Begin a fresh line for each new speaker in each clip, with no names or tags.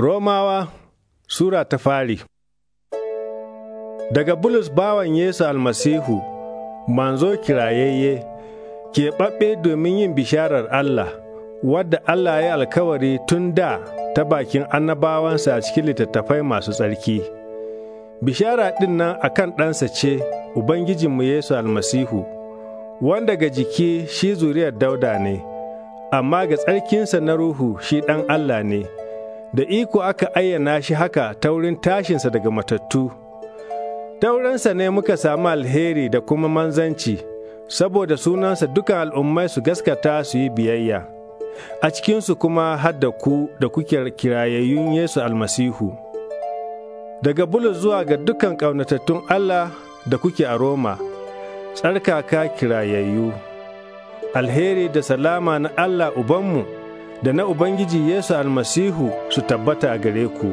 Romawa Sura ta fari Daga Bulus bawan Yesu almasihu, manzo kirayayye, keɓaɓɓe domin yin bisharar Allah, wadda Allah ya alkawari tun da ta bakin annabawansa a cikin littattafai masu tsarki. Bishara ɗin nan a kan ɗansa ce, Ubangijinmu Yesu almasihu, wanda ga jiki shi zuriyar dauda ne, amma ga tsarkinsa na ruhu shi ɗan Allah ne. da iko aka ayyana shi haka ta wurin tashinsa daga matattu. Taurinsa ne muka samu alheri da kuma manzanci, saboda sunansa dukan al'ummai su gaskata su yi biyayya. A cikinsu kuma hadda ku da kuke kirayayyun Yesu almasihu. Daga bulu zuwa ga dukan ƙaunatattun Allah da kuke a Roma, tsarkaka kirayayyu. Alheri da salama na Allah Ubanmu. da na Ubangiji Yesu almasihu su tabbata gare ku.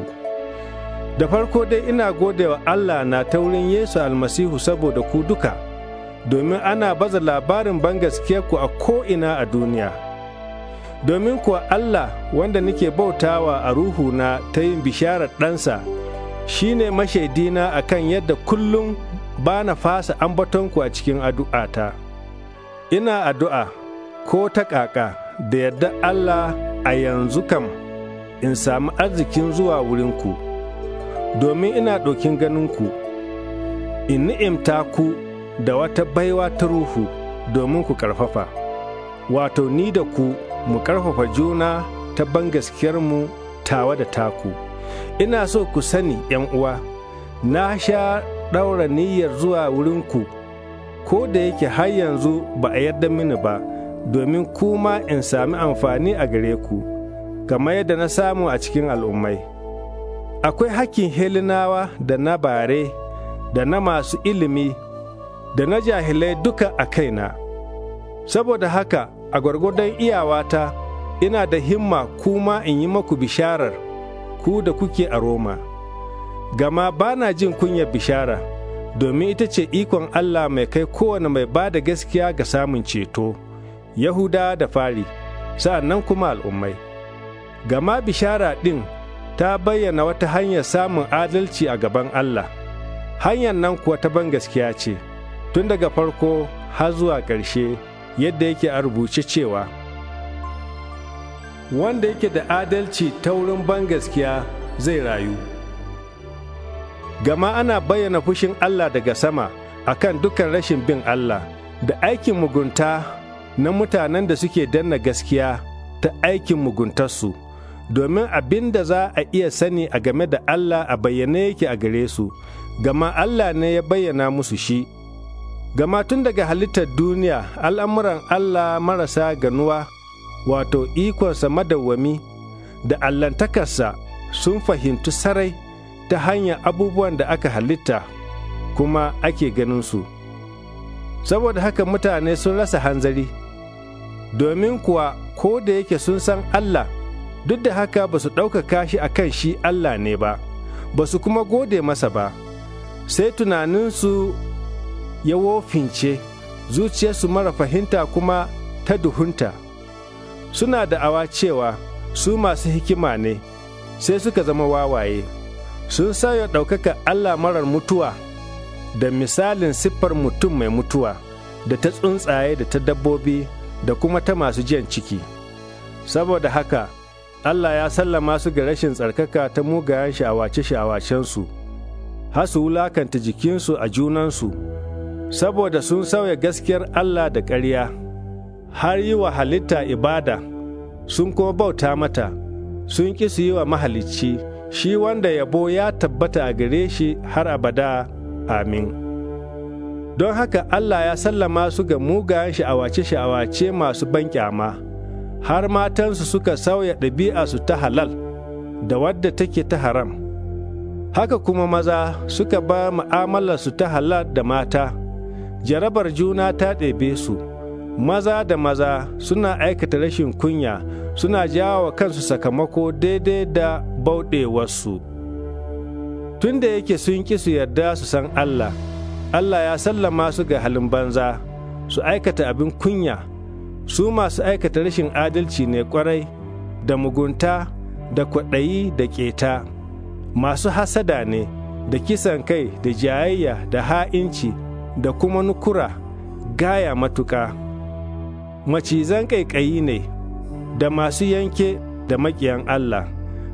Da farko dai ina gode wa Allah na ta wurin Yesu almasihu saboda ku duka, domin ana baza labarin ku a ko'ina a duniya. Domin kuwa Allah wanda nake bautawa a ruhuna ta yin bisharar ɗansa, shi ne mashaidina a kan yadda kullum ba na fasa ambatonku a cikin addu'ata. Ina addu'a ko ta ƙaƙa. da yadda Allah a yanzu kam in sami arzikin zuwa wurinku, domin ina ɗokin ganinku, in ni'imta ku da wata baiwa ta ruhu domin ku ƙarfafa, wato ni da ku mu ƙarfafa juna ta bangaskiyarmu tawa da taku. Ina so ku sani uwa, na sha ɗaura niyyar zuwa wurinku, ko da yake har yanzu ba a yarda mini ba. domin kuma in sami amfani a gare ku, kamar yadda na samu a cikin al'ummai. Akwai hakkin Helinawa da na bare, da na masu ilimi, da na jahilai duka a kaina. Saboda haka, a gwargwadon iyawata, ina da himma kuma in yi maku bisharar ku da kuke a Roma. Gama ba na jin kunya bishara, domin ita ce ikon Allah mai kai kowane mai ba da gaskiya ga samun ceto. Yahuda da fari, sa'an nan kuma al'ummai. Gama bishara ɗin ta bayyana wata hanyar samun adalci a gaban Allah, hanyar nan kuwa ta ban gaskiya ce, tun daga farko har zuwa ƙarshe yadda yake a rubuce cewa. Wanda yake da adalci ta wurin ban gaskiya zai rayu. Gama ana bayyana fushin Allah daga sama akan dukan rashin bin Allah da aikin mugunta na mutanen da suke danna gaskiya ta aikin muguntarsu, domin abin da za a iya sani a game da Allah a bayyane yake a gare su, gama Allah ne ya bayyana musu shi. Gama tun daga halittar duniya al'amuran Allah marasa ganuwa, wato ikonsa madawwami da allantakarsa sun fahimtu sarai ta hanyar abubuwan da aka halitta kuma ake ganinsu. Saboda haka mutane sun rasa hanzari. domin kuwa ko da yake sun san Allah, duk da haka ba su ɗaukaka shi a kan shi Allah ne ba, ba su kuma gode masa ba, sai tunaninsu ya wofince, zuciyarsu mara fahimta kuma ta duhunta. Suna da awa cewa su masu hikima ne, sai suka zama wawaye, sun sayo ɗaukaka Allah marar mutuwa da misalin siffar mutum mai mutuwa, da ta tsuntsaye da ta dabbobi. da kuma ta masu jiyan ciki. Saboda haka, Allah ya sallama su ga rashin tsarkaka ta mugayen shawace-shawacensu, har su wulakanta jikinsu a junansu, saboda sun sauya gaskiyar Allah da ƙarya, har yi wa halitta ibada, sun kuma bauta mata, sun ƙi su yi wa mahalicci, shi wanda yabo ya tabbata a gare shi har abada, amin. Don haka Allah ya sallama su ga mugayen sha'awace-sha'awace masu banƙyama, har matansu suka sauya ɗabi'a su ta halal da wadda take ta haram. Haka kuma maza suka ba su ta halal da mata, jarabar juna ta ɗebe su, maza da maza suna aikata rashin kunya suna jawo kansu sakamako daidai da bauɗewarsu. Tun da yake sun ƙi su yarda su san Allah. Allah ya sallama su ga halin banza, su aikata abin kunya, su masu aikata rashin adalci ne kwarai, da mugunta, da kwaɗayi da ƙeta, masu hasada ne, da kisan kai, da jayayya, da ha'inci, da kuma nukura, gaya matuka. Macizan ƙaiƙayi ne, da masu yanke da maƙiyan Allah,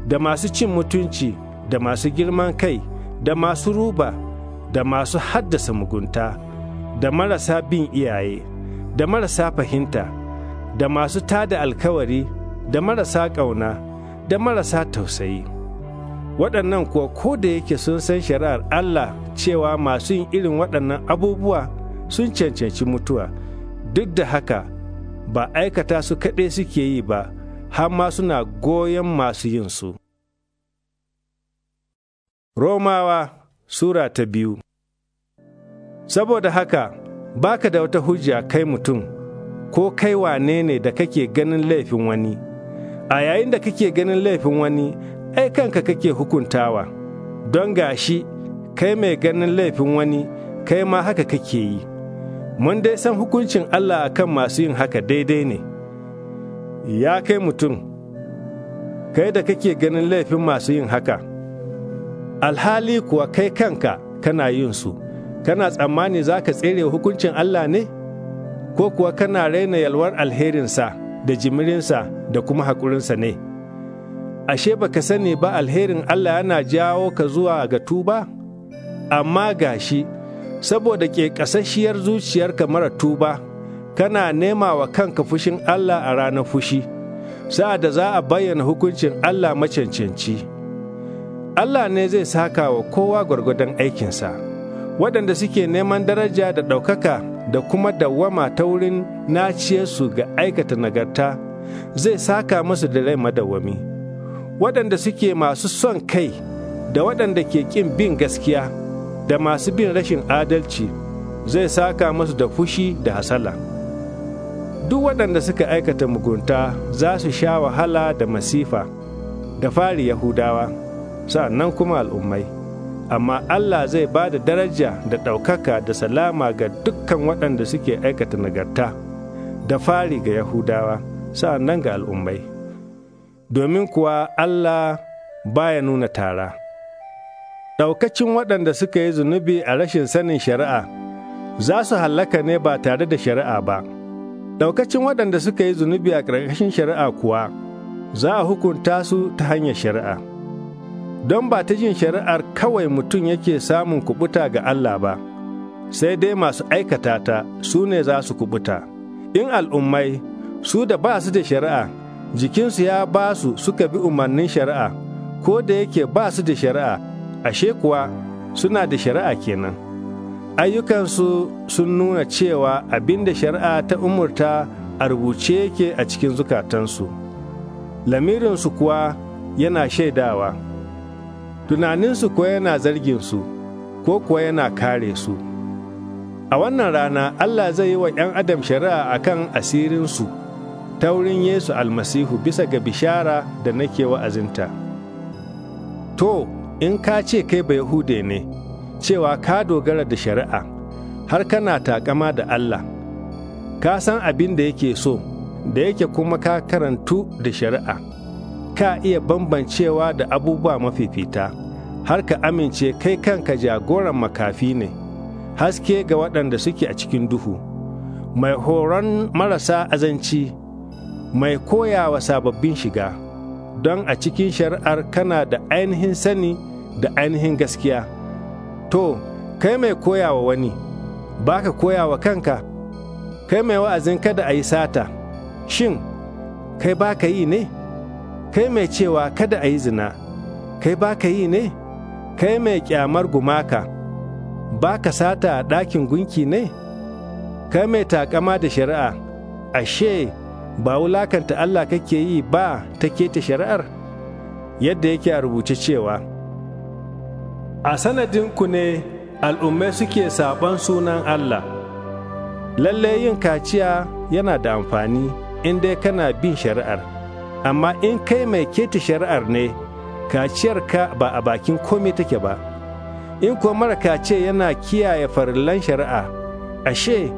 da masu cin mutunci, da masu girman kai, da masu ruba. da masu haddasa mugunta da marasa bin iyaye da marasa fahimta da masu tada alkawari da marasa ƙauna da marasa tausayi waɗannan kuwa ko da yake sun san shari'ar Allah cewa masu yin irin waɗannan abubuwa sun cancanci mutuwa duk da haka ba aikata su kaɗai suke yi ba har ma suna goyon masu yin su Romawa Sura ta biyu Saboda haka, baka da wata hujja kai mutum, ko kai wane ne da kake ganin laifin wani. A yayin da kake ganin laifin wani, ai kanka kake hukuntawa, don gashi kai mai ganin laifin wani, kai ma haka kake yi. Mun dai san hukuncin Allah a kan masu yin haka daidai ne. Ya kai mutum, kai da kake ganin laifin masu yin haka, alhali kuwa kai kanka kana yin su. kana tsammani za ka tsere hukuncin Allah ne? Ko kuwa kana raina yalwar alherinsa da jimirinsa da kuma haƙurinsa ne? Ashe ba ka sani ba alherin Allah yana jawo ka zuwa ga tuba? Amma ga shi, saboda ke ƙasashiyar zuciyarka mara tuba, kana nema wa kanka fushin Allah a ranar fushi, sa'ad da za a bayyana hukuncin Allah macancanci. Allah ne zai saka wa kowa gwargwadon aikinsa. waɗanda suke neman daraja da ɗaukaka da kuma dawwama ta wurin naciyarsu ga aikata nagarta zai saka musu da rai madawwami waɗanda suke masu son kai da waɗanda ke ƙin bin gaskiya da masu bin rashin adalci zai saka musu da fushi da hasala duk waɗanda suka aikata mugunta za su sha wahala da masifa da fari yahudawa sa'annan kuma al'ummai amma Allah zai ba da daraja da ɗaukaka da salama ga dukkan waɗanda suke aikata nagarta da fari ga Yahudawa sa'an nan ga al'ummai. Domin kuwa Allah baya nuna tara. Ɗaukacin waɗanda suka yi zunubi a rashin sanin shari'a za su hallaka ne ba tare da shari'a ba. Ɗaukacin waɗanda suka yi zunubi a ƙarƙashin shari'a kuwa za a hukunta su ta hanyar shari'a. don ba ta jin shari'ar kawai mutum yake samun kubuta ga Allah ba, sai dai masu aikata ta su ne za su kubuta. In al'ummai su da ba su da shari'a, jikinsu ya ba su suka bi umarnin shari'a, ko da yake ba su da shari'a, ashe kuwa suna da shari'a kenan. Ayyukansu sun nuna cewa abin da shari'a ta umurta a rubuce yake a cikin zukatansu, lamirinsu kuwa yana shaidawa. tunaninsu ko yana zargin su ko kuwa yana kare su a wannan rana Allah zai yi wa 'yan adam shari'a akan asirinsu ta wurin Yesu almasihu bisa ga bishara da nake wa'azinta to in ka ce kai ba Yahude ne cewa ka dogara da shari'a har kana takama da Allah ka san abin da yake so da yake kuma ka karantu da shari'a ka iya bambancewa da abubuwa mafifita. har ka amince kai kanka jagoran makafi ne, haske ga waɗanda suke a cikin duhu, mai horon marasa azanci, mai koyawa sababbin shiga, don a cikin shari'ar kana da ainihin sani da ainihin gaskiya. To, kai mai koyawa wani, ba ka koyawa kanka, kai mai wa'azin kada a yi sata, shin, kai ba ka yi ne? Kai mai cewa kada a yi zina, kai ba ka yi ne? kai mai kyamar gumaka, ba ka sata a ɗakin gunki ne? Kai mai taƙama da shari'a, ashe, ba wulakanta Allah kake yi ba ta keta shari'ar? Yadda yake a rubuce cewa, A sanadin ku ne al'ummai suke sabon sunan Allah, lalle yin kaciya yana da amfani in dai kana bin shari'ar, amma in kai mai keta shari'ar ne. Kaciyar ka ba a bakin komai take ba in kuwa mara kace yana kiyaye farillan shari'a ashe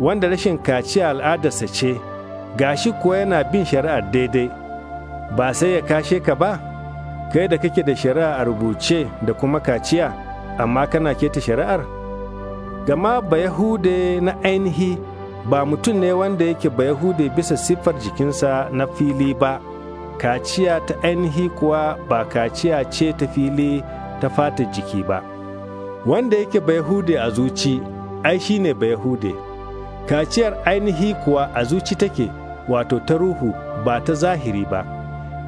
wanda rashin kaciya al'adarsa ce gashi kuwa yana bin shari'ar daidai ba sai ya kashe ka ba kai da kake da shari'a a rubuce da kuma kaciya amma kana keta shari'ar gama bayahude na ainihi ba mutum ne wanda yake bayahude bisa siffar jikinsa na fili ba kaciya ta ainihi kuwa ba kaciya ce ta fili ta fata jiki ba wanda yake bayahude a zuci ai shi ne bayahude kaciyar ainihi kuwa a zuci take wato ta ruhu ba ta zahiri ba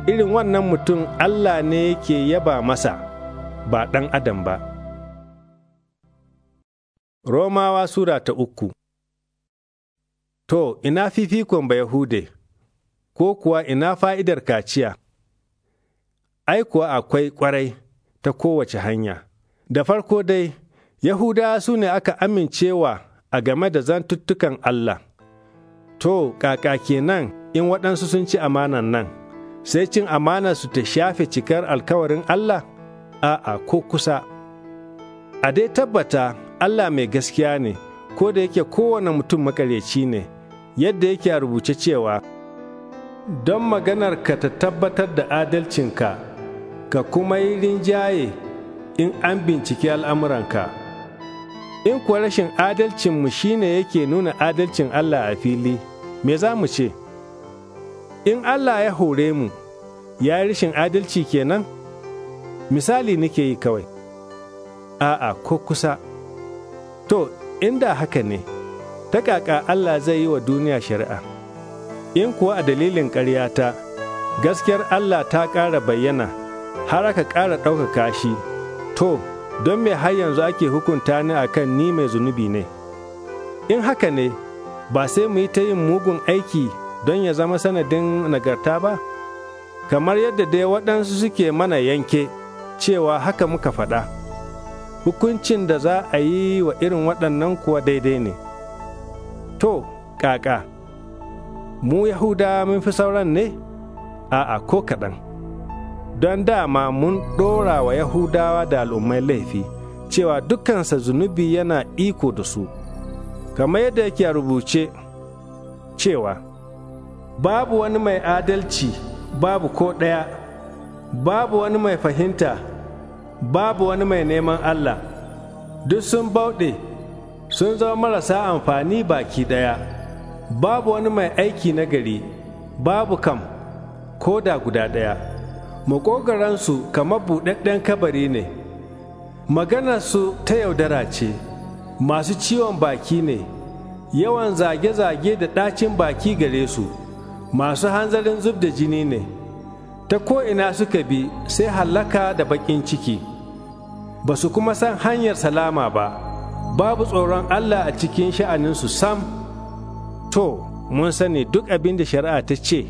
irin wannan mutum allah ne yake yaba masa ba ɗan adam ba romawa sura ta uku to ina fifikon bayahude ko kuwa ina fa'idar kaciya? Ai kuwa akwai kwarai ta kowace hanya. Da farko dai, Yahudawa su ne aka amincewa a game da zantuttukan Allah. To, kaka kenan in waɗansu sun ci amanan nan, sai cin amana su ta shafe cikar alkawarin Allah? A'a, ko kusa. A dai tabbata Allah mai gaskiya ne, ko da yake kowane mutum makareci ne, yadda yake a rubuce cewa. don maganarka ta tabbatar da adalcinka ka kuma yi rinjaye in an binciki al'amuranka in kuwa rashin adalcinmu shi shine yake nuna adalcin Allah a fili me za mu ce in Allah ya hore mu ya yi rashin adalci kenan misali nake yi kawai a'a ko kusa to inda haka ne ta kaka Allah zai yi wa duniya shari'a in kuwa a dalilin ƙaryata gaskiyar Allah ta ƙara bayyana har aka ƙara ɗaukaka shi to don me har yanzu ake hukunta ni kan ni mai zunubi ne in haka ne ba sai mu yi ta yin mugun aiki don ya zama sanadin nagarta ba kamar yadda dai waɗansu suke mana yanke cewa haka muka faɗa hukuncin da za a yi wa irin waɗannan kuwa daidai ne to ƙaƙa mu Yahuda mun fi sauran ne? A'a ko kaɗan. Don dama mun ɗora wa Yahudawa da al'ummai laifi, cewa dukkansa zunubi yana iko da su, kamar yadda yake rubuce cewa, Babu wani mai adalci, babu ko ɗaya, babu wani mai fahimta, babu wani mai neman Allah, duk sun bauɗe, sun zama marasa amfani baki ɗaya. babu wani mai aiki na gari babu kam ko da guda ɗaya Makogaransu kamar buɗaɗɗen kabari ne maganarsu ta yaudara ce masu ciwon baki ne yawan zage-zage da ɗacin baki gare su masu hanzarin zub da jini ne ta ko'ina suka bi sai hallaka da baƙin ciki ba su kuma san hanyar salama ba babu tsoron allah a cikin sha'aninsu sam to mun sani duk abin da shari'a ta ce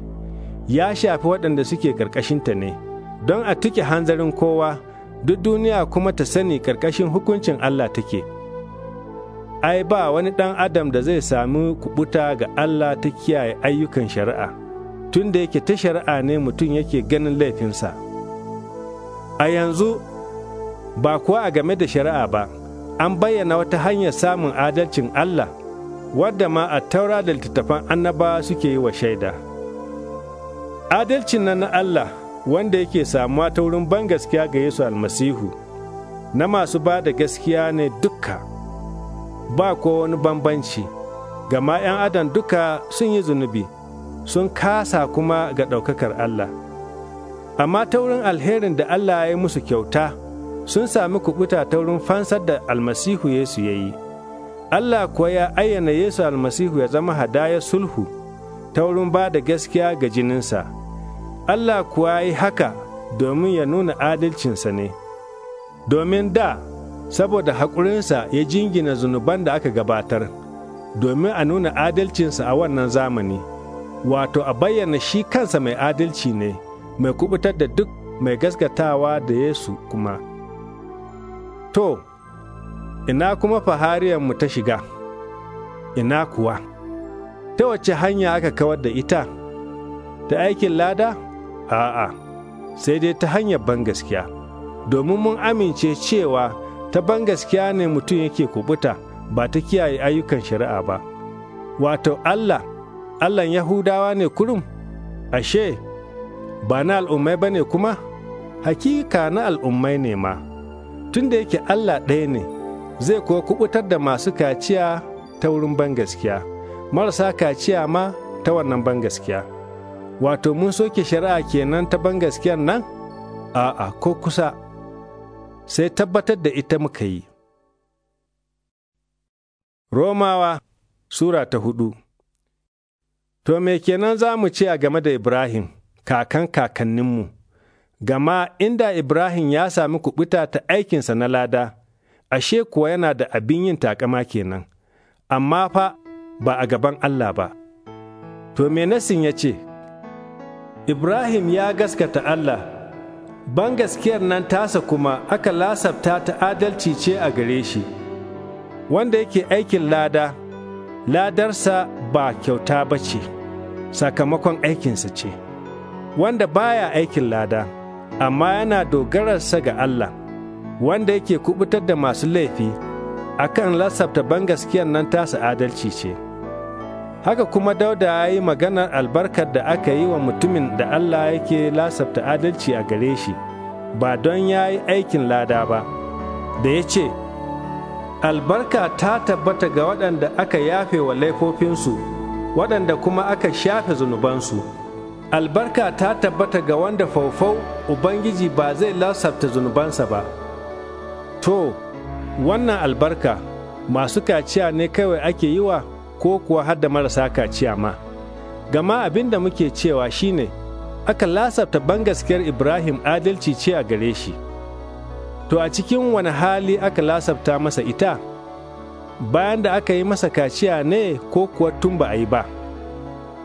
ya shafi waɗanda suke ƙarƙashinta ne don a tuke hanzarin kowa duk duniya kuma ta sani ƙarƙashin hukuncin Allah take ai ba wani ɗan adam da zai sami kubuta ga Allah ta kiyaye ayyukan shari'a tun da yake ta shari'a ne mutum yake ganin laifinsa a yanzu ba kuwa a game da shari'a ba an bayyana wata hanyar samun adalcin Allah wadda ma a taura da littattafan annaba suke yi wa shaida. Adalcin nan na Allah wanda yake samuwa ta wurin ban gaskiya ga Yesu almasihu, na masu ba da gaskiya ne duka, ba ko wani bambanci, gama ‘yan adam duka sun yi zunubi, sun kasa kuma ga ɗaukakar Allah. Amma ta wurin alherin da Allah ya yi musu kyauta, sun sami kuɓuta ta wurin fansar da almasihu Yesu ya yi. Allah kuwa ya ayyana Yesu almasihu ya zama hadaya sulhu ta wurin ba da gaskiya ga jininsa. Allah kuwa yi haka domin ya nuna adalcinsa ne, domin da saboda haƙurinsa ya jingina zunuban da aka gabatar, domin a nuna adalcinsa a wannan zamani, wato a bayyana shi kansa mai adalci ne, mai kubutar da duk mai gaskatawa da Yesu kuma. To, ina kuma mu ta shiga, ina kuwa, ta wacce hanya aka kawar da ita, ta aikin lada? A'a, sai dai ta hanyar bangaskiya, domin mun amince cewa ta bangaskiya ne mutum yake kubuta ba ta kiyaye ayyukan shari'a ba. Wato Allah, allah Yahudawa ne kurum, ashe, ba na al'ummai ba ne kuma? Hakika na al'ummai ne ma, tun da yake Allah ɗaya ne. zai kuwa kubutar da masu kaciya ta wurin bangaskiya marasa kaciya ma ta wannan bangaskiya wato mun soke shari'a kenan ta bangaskiyar nan a'a ko kusa sai tabbatar da ita muka yi romawa sura ta hudu to me kenan za mu ce a game da ibrahim kakan kakanninmu gama inda ibrahim ya sami kubuta ta aikinsa na lada ashe kuwa yana da abin yin takama kenan, amma fa ba a gaban Allah ba. To me nasin ya ce, Ibrahim ya gaskata Allah, ban gaskiyar nan tasa kuma aka lasafta ta adalci ce a gare shi, wanda yake aikin lada, ladarsa ba kyauta ba ce, sakamakon aikinsa ce, wanda baya aikin lada, amma yana dogararsa ga Allah. wanda yake kubutar da masu laifi a kan lasafta bangaskiyar nan tasa adalci ce. Haka kuma dauda ya yi maganar albarkar da aka yi wa mutumin da Allah yake lasafta adalci a gare shi, ba don ya yi aikin lada ba, da ya ce, Albarka ta tabbata ga waɗanda aka yafe wa laifofinsu, waɗanda kuma aka shafe zunubansu. Albarka ta tabbata ga wanda faufau Ubangiji ba zai lasafta zunubansa ba. To, wannan albarka masu kaciya ne kawai ake yi wa ko kuwa har da marasa kaciya ma. Gama abin da muke cewa shine aka lasafta gaskiyar Ibrahim adalci ce a gare shi. To a cikin wani hali aka lasafta masa ita? Bayan da aka yi masa kaciya ne ko kuwa tun ba a yi ba?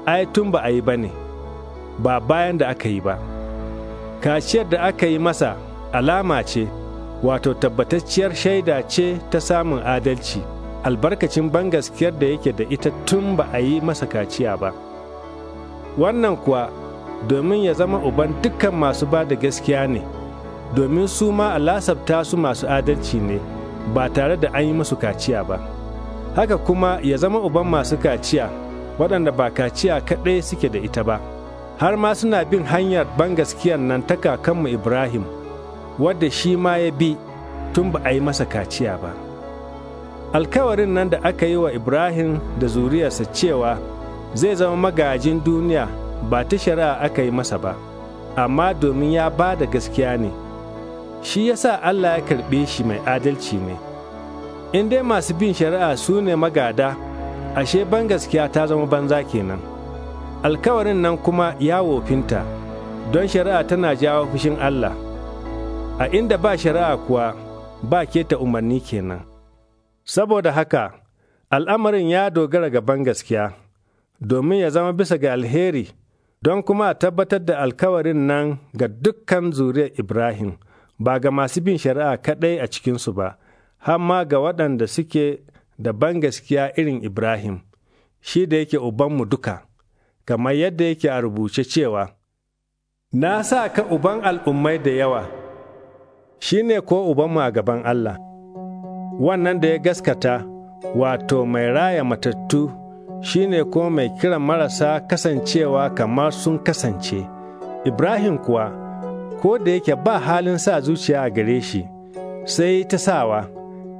Ai tun ba a yi ba ne, ba bayan da aka yi ba. Kaciyar da aka yi masa alama ce. wato tabbatacciyar shaida ce ta samun adalci albarkacin ban gaskiyar da yake da ita tun ba a yi masa kaciya ba wannan kuwa domin ya zama uban dukkan masu ba da gaskiya ne domin su ma a lasafta su masu adalci ne ba tare da an yi masu kaciya ba haka kuma ya zama uban masu kaciya waɗanda ba kaciya kaɗai suke da ita ba har ma suna bin hanyar bangaskiyar nan ta kakanmu ibrahim wadda shi ma ya bi tun ba a yi masa kaciya ba. Alkawarin nan da aka yi wa Ibrahim da zuriyarsa cewa zai zama magajin duniya ba ta shari'a aka yi masa ba, amma domin ya ba da gaskiya ne. Shi ya sa Allah ya karɓe shi mai adalci ne. In dai masu bin shari'a su ne magada, ashe ban gaskiya ta zama banza kenan. Alkawarin nan kuma ya wofinta, don shari'a tana jawo fushin Allah. a inda ba shari'a kuwa ba keta umarni kenan. Saboda haka, al'amarin ya dogara ga gaskiya, domin ya zama bisa ga alheri, don kuma a tabbatar da alkawarin nan ga dukkan zuriyar Ibrahim, ba ga masu bin shari'a kaɗai a cikinsu ba, har ga waɗanda suke da ban gaskiya irin Ibrahim, shi da yake ubanmu duka, kamar yadda yake a rubuce cewa, Na sa ka uban al'ummai da yawa. shi ne ko ubanmu a gaban Allah. Wannan da ya gaskata, wato mai raya matattu, shi ne ko mai kiran marasa kasancewa kamar sun kasance. Ibrahim kuwa, ko da yake ba halin sa zuciya a gare shi, sai ta sawa,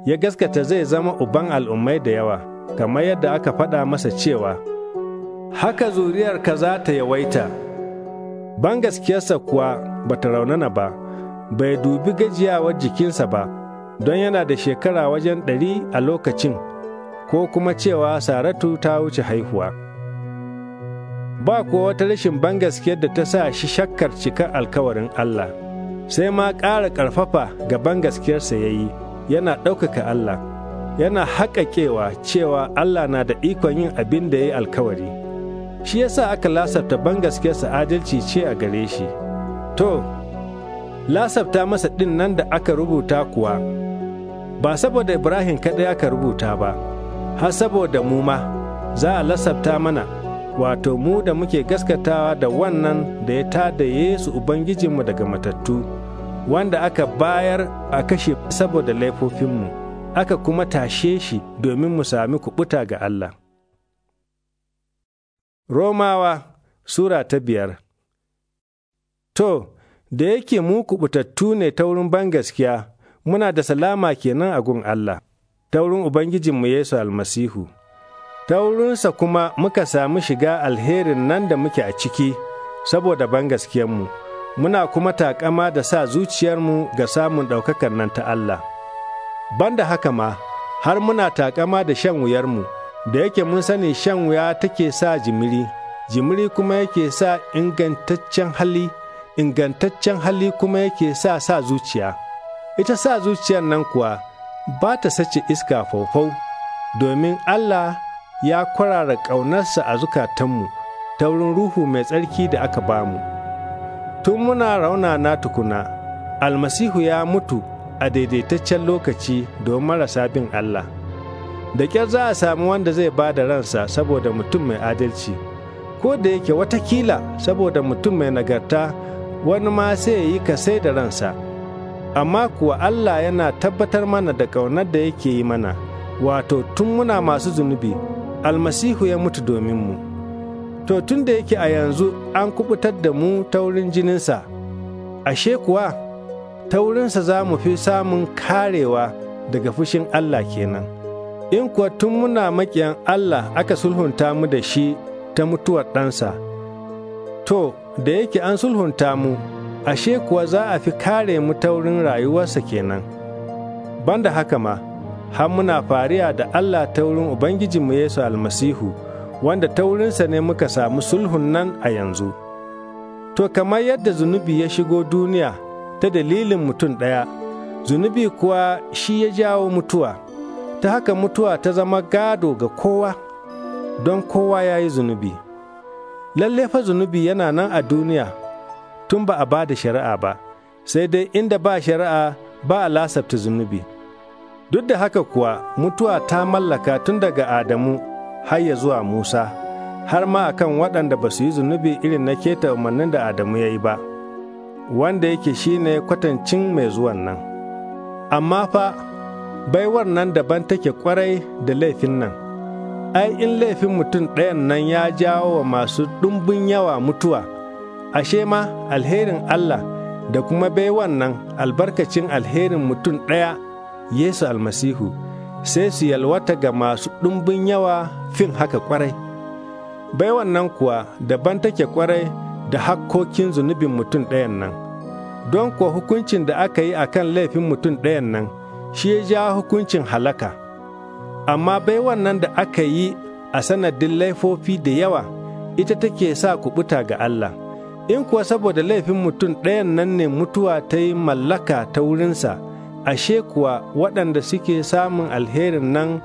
ya gaskata zai zama uban al'ummai da yawa, kamar yadda aka faɗa masa cewa, Haka zuriyarka za ta yawaita, ban gaskiyarsa kuwa ba ta raunana ba. bai dubi gajiyawar jikinsa ba don yana da shekara wajen ɗari a lokacin ko kuma cewa saratu ta wuce haihuwa ba kuwa wata rashin bangaskiyar da ta sa shi shakkar cika alkawarin Allah sai ma ƙara ƙarfafa ga bangaskiyarsa ya yi yana ɗaukaka Allah yana haƙaƙewa cewa Allah na da ikon yin abin da ya yi alkawari shi yasa aka lasafta bangaskiyarsa adalci ce a gare shi to lasafta masa ɗin nan da aka rubuta kuwa ba saboda Ibrahim kaɗai aka rubuta ba, har saboda mu ma za a lasafta mana wato mu da muke gaskatawa da wannan da ya tada Yesu Ubangijinmu daga matattu, wanda aka bayar a kashe saboda laifofinmu, aka kuma tashe shi domin mu sami kuɓuta ga Allah. Romawa Sura ta biyar To, da yake mu kubutattu ne ta wurin bangaskiya muna da salama kenan a gun Allah, ta wurin Ubangijinmu Yesu almasihu. Ta wurinsa kuma muka sami shiga alherin nan da muke a ciki saboda bangaskiyarmu, muna kuma taƙama da sa zuciyarmu ga samun ɗaukakar nan ta Allah. Banda haka ma, har muna taƙama da shan wuyarmu, da yake mun sani shan wuya take sa jimiri, jimiri kuma yake sa ingantaccen hali. ingantaccen hali kuma yake sa sa zuciya ita sa zuciyar nan kuwa ba ta sace iska faufau domin Allah ya kwarara ƙaunarsa a zukatanmu ta wurin ruhu mai tsarki da aka bamu tun muna rauna na tukuna almasihu ya mutu a daidaitaccen lokaci don marasa bin Allah. Da ƙyar za a sami wanda zai ba da ransa saboda mutum mai adalci, ko da yake watakila saboda mutum mai nagarta wani ma sai ya yi kasai da ransa amma kuwa Allah yana tabbatar mana da ƙaunar da yake yi mana wato tun muna masu zunubi almasihu ya mutu domin mu to tun da yake a yanzu an kubutar da mu ta wurin jininsa ashe kuwa ta wurinsa za mu fi samun karewa daga fushin Allah kenan in kuwa tun muna maƙiyan Allah aka sulhunta mu da shi ta mutuwar ɗansa to, da yake an sulhunta mu, ashe kuwa za a fi kare mu ta wurin rayuwarsa kenan. Banda haka ma, har muna fariya da Allah ta wurin Ubangijinmu Yesu almasihu, wanda ta wurinsa ne muka samu sulhun nan a yanzu. To, kamar yadda zunubi ya shigo duniya ta dalilin mutum ɗaya, zunubi kuwa shi ya jawo mutuwa, ta haka mutuwa ta zama gado ga kowa, don kowa ya yi zunubi. lalle fa zunubi yana nan a duniya tun ba a ba da shari'a ba sai dai inda ba shari'a ba a lasafta zunubi duk da haka kuwa mutuwa ta mallaka tun daga adamu har ya zuwa musa har ma akan waɗanda ba su yi zunubi irin na keta umarnin da adamu ya yi ba wanda yake shine kwatancin mai zuwan nan amma fa baiwar nan daban take kwarai da laifin nan ai in laifin mutum ɗayan nan ya jawo wa masu ɗumbin yawa mutuwa ashe ma alherin Allah da kuma bai wannan albarkacin alherin mutum ɗaya Yesu almasihu sai su yalwata ga masu ɗumbin yawa fin haka kwarai bai wannan kuwa daban take kwarai da hakkokin zunubin mutum ɗayan nan don kuwa hukuncin da aka yi a kan laifin mutum ɗayan nan shi ya ja hukuncin halaka. amma bai wannan da aka yi a sanadin laifofi da yawa ita take sa kuɓuta ga Allah. In kuwa saboda laifin mutum ɗayan nan ne mutuwa ta yi mallaka ta wurinsa, ashe kuwa waɗanda suke samun alherin nan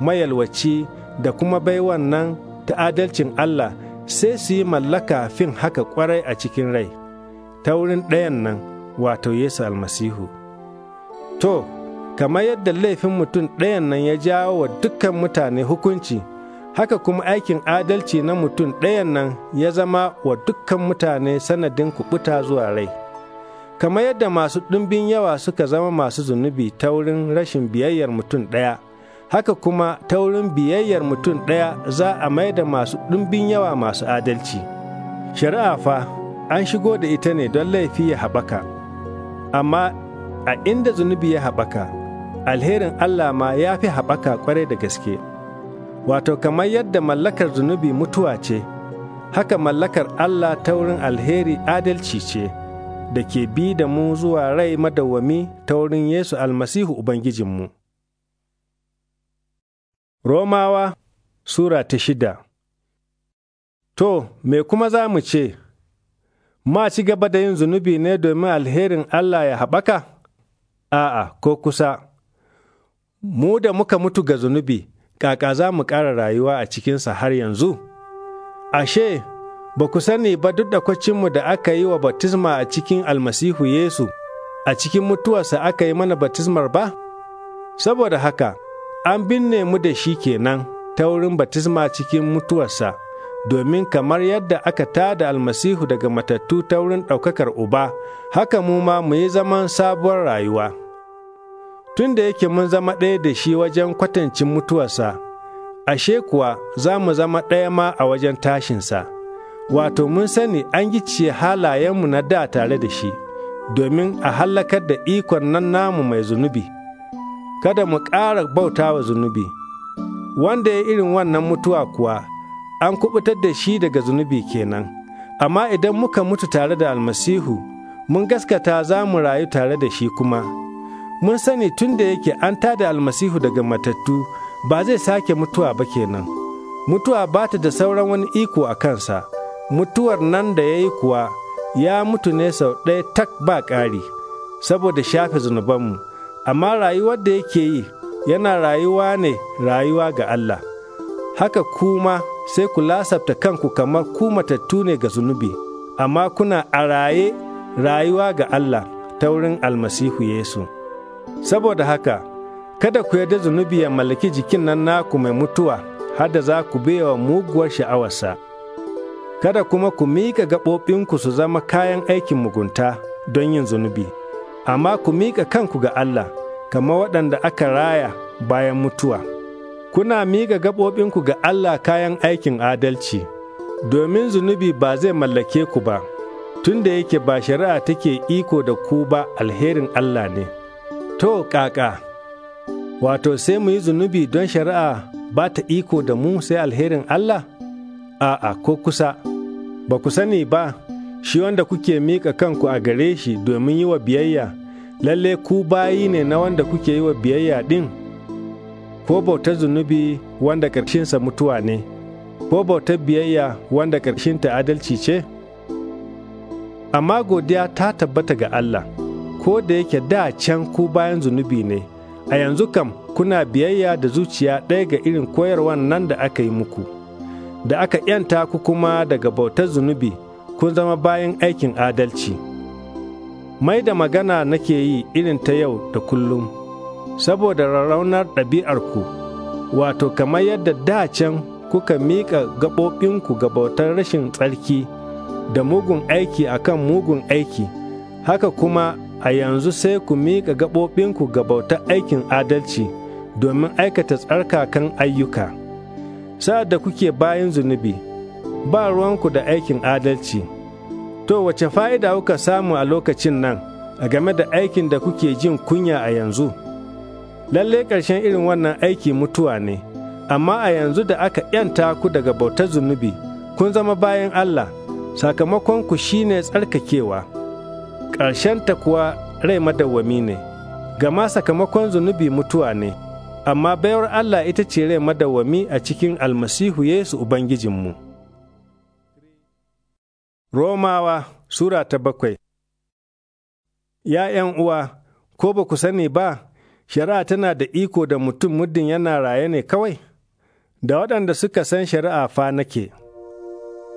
mayalwaci da kuma baiwan nan ta adalcin Allah sai su yi mallaka fin haka ƙwarai a cikin rai, ta wurin ɗayan nan wato Yesu almasihu. To, kamar yadda laifin mutum ɗayan nan ya jawo wa dukkan mutane hukunci haka kuma aikin adalci na mutum ɗayan nan ya zama wa dukkan mutane sanadin kuɓuta zuwa rai kamar yadda masu ɗumbin yawa suka zama masu zunubi ta wurin rashin biyayyar mutum ɗaya haka kuma ta wurin biyayyar mutum ɗaya za a mai da masu ɗumbin yawa masu adalci shari'a fa an shigo da ita ne don laifi ya haɓaka amma a inda zunubi ya haɓaka alherin Allah ma ya fi haɓaka ƙwarai da gaske. Wato, kamar yadda mallakar zunubi mutuwa ce, haka mallakar Allah ta wurin alheri adalci ce, da ke bi da mu zuwa rai madawwami ta wurin Yesu almasihu Ubangijinmu. Romawa Sura ta shida To, me kuma za mu ce, ma ci gaba da yin zunubi ne domin alherin Allah ya haɓaka? A'a, ko kusa. mu da muka mutu ga zunubi, kaka za mu ƙara rayuwa a cikinsa har yanzu? Ashe, ba ku sani ba duk da kwacinmu da aka yi wa batisma a cikin almasihu Yesu, a cikin mutuwarsa aka yi mana batismar ba? Saboda haka, an binne mu da shi kenan ta wurin batisma a cikin mutuwarsa, domin kamar yadda aka tada almasihu daga matattu ta wurin ɗaukakar uba, haka mu ma mu yi zaman sabuwar rayuwa. tun da yake mun zama ɗaya da shi wajen kwatancin mutuwarsa, ashe kuwa za mu zama ɗaya ma a wajen tashinsa. Wato mun sani an gicciye halayenmu na da tare da shi, domin a hallakar da ikon nan namu mai zunubi. Kada mu ƙara bauta wa zunubi, wanda ya irin wannan mutuwa kuwa an kubutar da shi daga zunubi kenan. Amma idan muka mutu tare da almasihu, mun gaskata za mu rayu tare da shi kuma. mun sani tun da yake an tada almasihu daga matattu ba zai sake mutuwa ba kenan mutuwa ba ta da sauran wani iko a kansa mutuwar nan da ya yi kuwa ya mutu ne sau ɗaya tak ba ƙari saboda shafe zunubanmu amma rayuwar da yake yi yana rayuwa ne rayuwa ga Allah haka kuma sai ku lasafta kanku kamar ku matattu ne ga zunubi amma kuna a raye rayuwa ga Allah ta wurin almasihu Yesu. Saboda haka, kada ku yarda zunubi ya mallaki jikin nan naku mai mutuwa, har da za ku wa muguwar sha'awarsa. Kada kuma ku miƙa gaɓoɓinku su zama kayan aikin mugunta don yin zunubi, amma ku miƙa kanku ga Allah, kamar waɗanda aka raya bayan mutuwa. Kuna miƙa gaɓoɓinku ga Allah kayan aikin adalci, domin zunubi ba zai mallake ku ba, Tunda da yake ba shari'a take iko da ku ba alherin Allah ne. To, ƙaƙa, wato sai mu yi zunubi don shari'a ba ta iko da mu sai alherin Allah? A'a, ko kusa, ba ku sani ba, shi wanda kuke miƙa kanku a gare shi domin yi wa biyayya, lalle ku bayi ne na wanda kuke yi wa biyayya ɗin, ko bautar zunubi wanda ƙarshensa mutuwa ne, ko bautar biyayya wanda ƙarshinta adalci ce? Amma godiya ta tabbata ga Allah. ko da yake da can ku bayan zunubi ne, a yanzu kam kuna biyayya da zuciya ɗaya ga irin koyarwan nan da aka yi muku. Da aka ‘yanta ku kuma daga bautar zunubi, kun zama bayan aikin adalci. Mai da magana nake yi irin ta yau da kullum, saboda rarraunar ɗabi'arku, wato kamar yadda da can kuka miƙa gaɓoɓinku ga bautar rashin tsarki da mugun aiki akan mugun aiki, haka kuma a yanzu sai ku miƙa gaɓoɓinku ga bautar aikin adalci domin aikata tsarkakan ayyuka. Sa'ad da kuke bayan zunubi, ba ruwanku da aikin adalci. To wace fa'ida kuka samu a lokacin nan a game da aikin da kuke jin kunya a yanzu? Lalle ƙarshen irin wannan aiki mutuwa ne, amma a yanzu da aka ‘yanta ku daga bautar zunubi, kun zama bayan Allah, sakamakon sakamakonku shine tsarkakewa. ƙarshenta kuwa rai madawwami ne, gama sakamakon zunubi mutuwa ne, amma bayar Allah ita ce rai madawwami a cikin almasihu Yesu Ubangijinmu. Romawa Sura ta bakwai ’Ya'yan uwa, ko ba ku sani ba, shari'a tana da iko da mutum muddin yana raye ne kawai, da waɗanda suka san shari'a fa nake.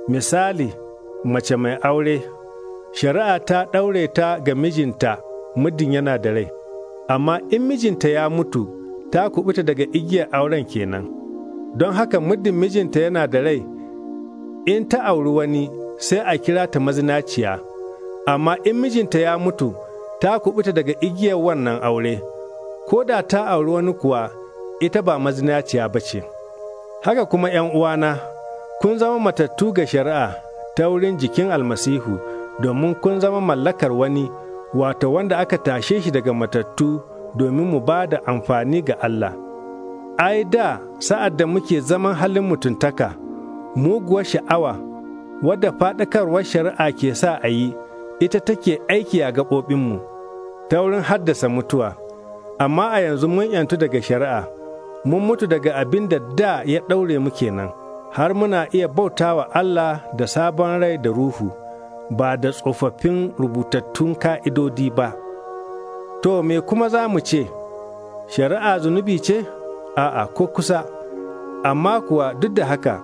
Misali, mace mai aure. shari'a ta ɗaure ta ga mijinta muddin yana da rai, amma in mijinta ya mutu ta kubuta daga igiyar auren kenan. Don haka muddin mijinta yana da rai, in ta auri wani sai a kira ta mazinaciya, amma in mijinta ya mutu ta kubuta daga igiyar wannan aure, ko da ta auri wani kuwa ita ba mazinaciya ba ce. Haka kuma ’yan uwana, kun zama matattu ga shari'a ta wurin jikin almasihu. domin kun zama mallakar wani, wato wanda aka tashe shi daga matattu domin mu ba da amfani ga Allah. Ai, da sa'ad da muke zaman halin mutuntaka, muguwar sha'awa, wadda faɗakarwar shari'a ke sa a yi, ita take aiki a gaɓoɓinmu, ta wurin haddasa mutuwa, amma a yanzu mun ‘yantu daga shari'a, mun mutu daga abin da da ya ɗaure mu kenan, har muna iya bautawa Allah da sabon rai da ruhu. ba da tsofaffin rubutattun ka'idodi ba. To, me kuma za mu ce, shari'a zunubi ce? A'a, ko kusa, amma kuwa duk da haka,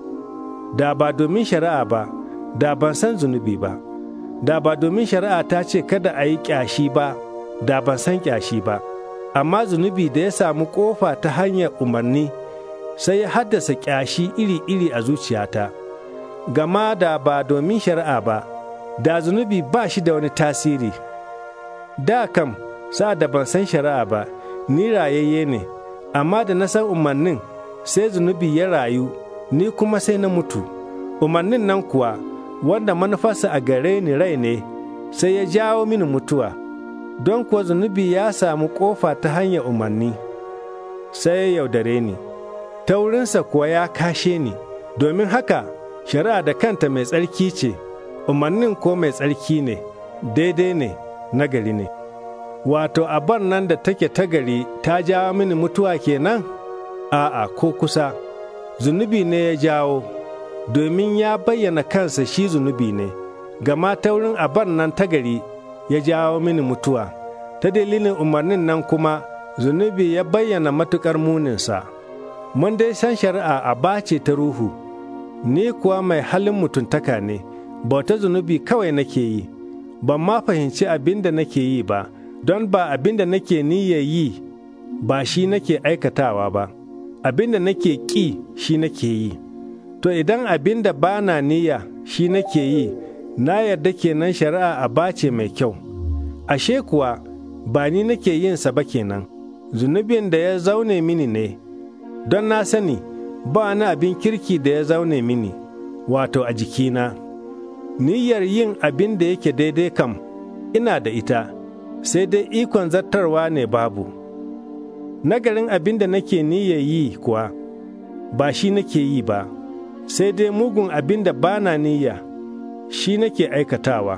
da ba domin shari'a ba, da ban san zunubi ba, da ba domin shari'a ta ce kada a yi ƙyashi ba, da ban san ƙyashi ba, amma zunubi da ya samu ƙofa ta hanyar umarni, sai ya haddasa ƙyashi iri-iri a zuciyata, gama da ba domin shari'a ba. da zunubi ba shi da wani tasiri da kam sa da ban san shari'a ba ni rayayye ne amma da na san umarnin sai zunubi ya rayu ni kuma sai na mutu umarnin nan kuwa wanda manufarsa a gare ni rai ne sai ya jawo mini mutuwa don kuwa zunubi ya samu ƙofa ta hanyar umarni sai ya yaudare ni ta wurinsa kuwa ya kashe ni domin haka shari'a da kanta mai tsarki ce umarnin ko mai tsarki ne daidai ne nagari ne wato abar nan da take tagari ta jawo mini mutuwa kenan a'a ko kusa zunubi ne ya jawo domin ya bayyana kansa shi zunubi ne gama ta wurin abar nan tagari ya jawo mini mutuwa ta dalilin umarnin nan kuma zunubi ya bayyana matukar muninsa mun dai san shari'a a bace ta ruhu ni kuwa mai halin mutuntaka ne bauta zunubi kawai nake yi, ban ma fahimci abin da nake yi ba, don ba abin da nake niyya yi ba shi nake aikatawa ba, abin da nake ƙi shi nake yi. To idan abin da ba na niyya shi nake yi, na yarda kenan shari'a a bace mai kyau. Ashe kuwa ba ni nake yinsa ba kenan, zunubin da ya zaune mini ne, don na sani ba na abin kirki da ya zaune mini, wato a jikina. niyyar yin abin da yake daidai kam ina da ita, sai dai ikon zartarwa ne babu. Nagarin abin da nake niyyar yi kuwa, ba shi nake yi ba, sai dai mugun abin da ba na niyya, shi nake aikatawa.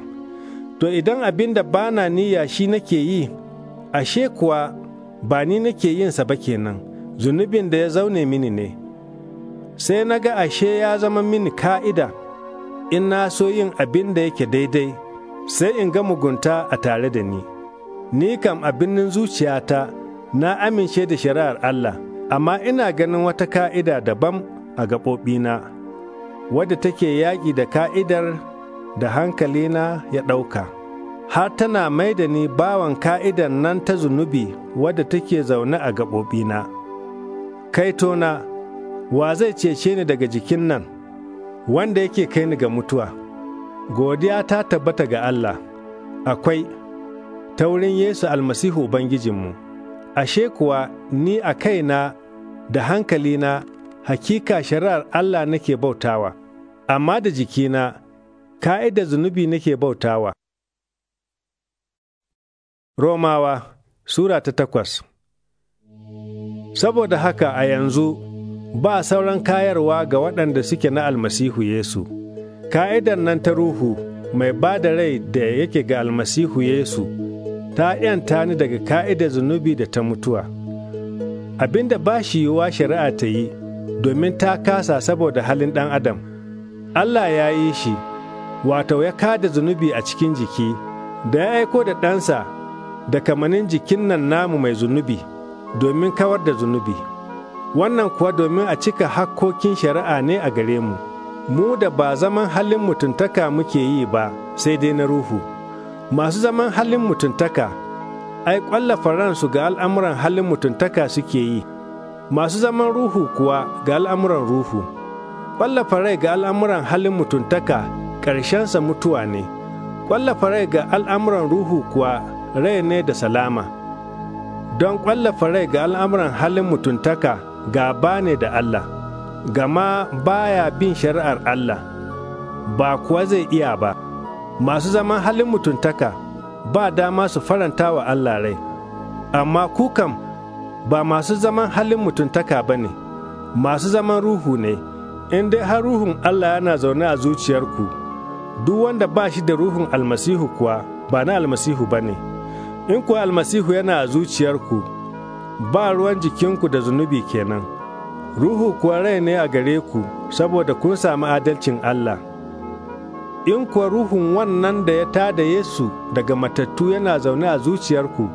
To idan abin da ba na niyya shi nake yi, ashe kuwa ba ni nake yinsa ba kenan, zunubin da ya zaune mini ne. Sai na ga ashe ya zama mini ka'ida. in na so yin abin da yake daidai sai in ga mugunta a tare da ni ni kam binnin zuciyata na amince da shari'ar Allah amma ina ganin wata ka'ida daban a gaɓoɓina wadda take yaƙi da ka'idar da hankalina ya ɗauka har tana mai da ni bawan ka'idan nan ta zunubi wadda take zaune a gaɓoɓina kaitona wa zai cece ni daga jikin nan wanda yake kai ni ga mutuwa. Godiya ta tabbata ga Allah, akwai ta wurin Yesu almasihu Ubangijinmu, ashe kuwa ni a kaina da hankalina hakika shari'ar Allah nake bautawa, amma da jikina ka'ida zunubi nake bautawa. Romawa Sura ta takwas Saboda haka a yanzu ba sauran kayarwa ga waɗanda suke na almasihu Yesu. Ka'idar nan ta Ruhu mai ba da rai da yake ga almasihu Yesu ta ‘yanta ni daga ka'idar zunubi da ta mutuwa. Abin da ba shi yiwuwa shari'a ta yi domin ta kasa saboda halin ɗan adam. Allah ya yi shi, wato ya kada zunubi a cikin jiki, da ya aiko da ɗansa da kamanin jikin nan namu mai zunubi domin kawar da zunubi. wannan kuwa domin a cika hakkokin shari'a ne a gare mu, mu da ba zaman halin mutuntaka muke yi ba sai dai na ruhu. Masu zaman halin mutuntaka, ai ƙwallafa ransu ga al'amuran halin mutuntaka suke yi, masu zaman ruhu kuwa ga al'amuran ruhu. Ƙwallafa rai ga al'amuran halin mutuntaka ƙarshensa mutuwa ne, ƙwallafa rai ga al'amuran ruhu kuwa rai ne da salama. Don ƙwallafa rai ga al'amuran halin mutuntaka gaba ne da Allah, gama baya bin shari'ar Allah, ba kuwa zai iya ba, masu zaman halin mutuntaka ba dama su faranta wa Allah rai, amma kukan ba masu zaman halin mutuntaka ba ne, masu zaman ruhu ne, in dai har ruhun Allah yana zaune a zuciyarku, duk wanda ba shi da ruhun almasihu kuwa ba na almasihu ba ne, in kuwa almasihu yana a zuciyarku. ba ruwan jikinku da zunubi kenan. Ruhu kuwa rai ne a gare ku saboda kun sami adalcin Allah. In kuwa ruhun wannan da ya tada Yesu daga matattu yana zaune a zuciyarku,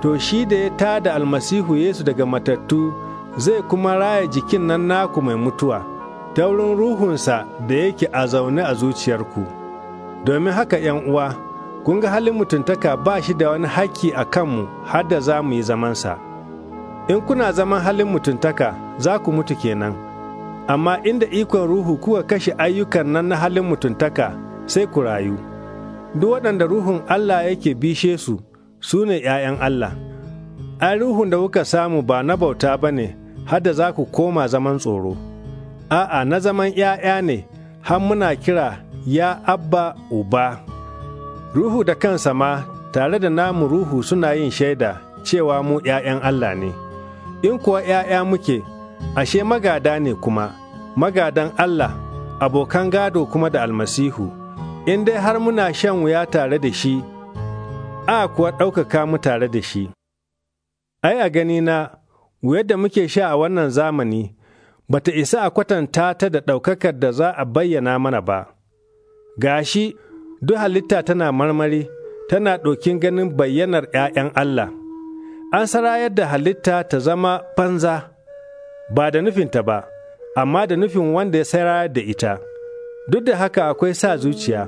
to shi da ya tada almasihu Yesu daga matattu zai kuma raya jikin nan naku mai mutuwa, ta wurin ruhunsa da yake a zaune a zuciyarku. Domin haka ‘yan uwa, kun ga halin mutuntaka ba shi da wani haƙƙi a kanmu har da za mu yi zamansa. in kuna zaman halin mutuntaka za ku mutu kenan amma inda ikon ruhu kuwa kashe ayyukan nan na halin mutuntaka sai ku rayu duk waɗanda ruhun Allah yake bishe su su ne ’ya'yan Allah ai ruhun da kuka samu ba na bauta ba ne hada za ku koma zaman tsoro a'a na zaman ’ya'ya ne har muna kira ya abba uba ruhu da kansa ma tare da namu ruhu suna yin shaida cewa mu ’ya'yan Allah ne. in kuwa ’ya'ya muke, ashe magada ne kuma, magadan Allah, abokan gado kuma da almasihu, in dai har muna shan wuya tare da shi, a kuwa ɗaukaka mu tare da shi. Ai, a ganina, wuyar da muke sha a wannan zamani, ba ta isa a kwatanta ta da ɗaukakar da za a bayyana mana ba. Gashi, duk halitta tana marmari, tana ɗokin ganin bayyanar ‘ya'yan Allah. an sarayar da halitta ta zama banza ba da nufinta ba, amma da nufin wanda ya sarayar da ita. Duk da haka akwai sa zuciya,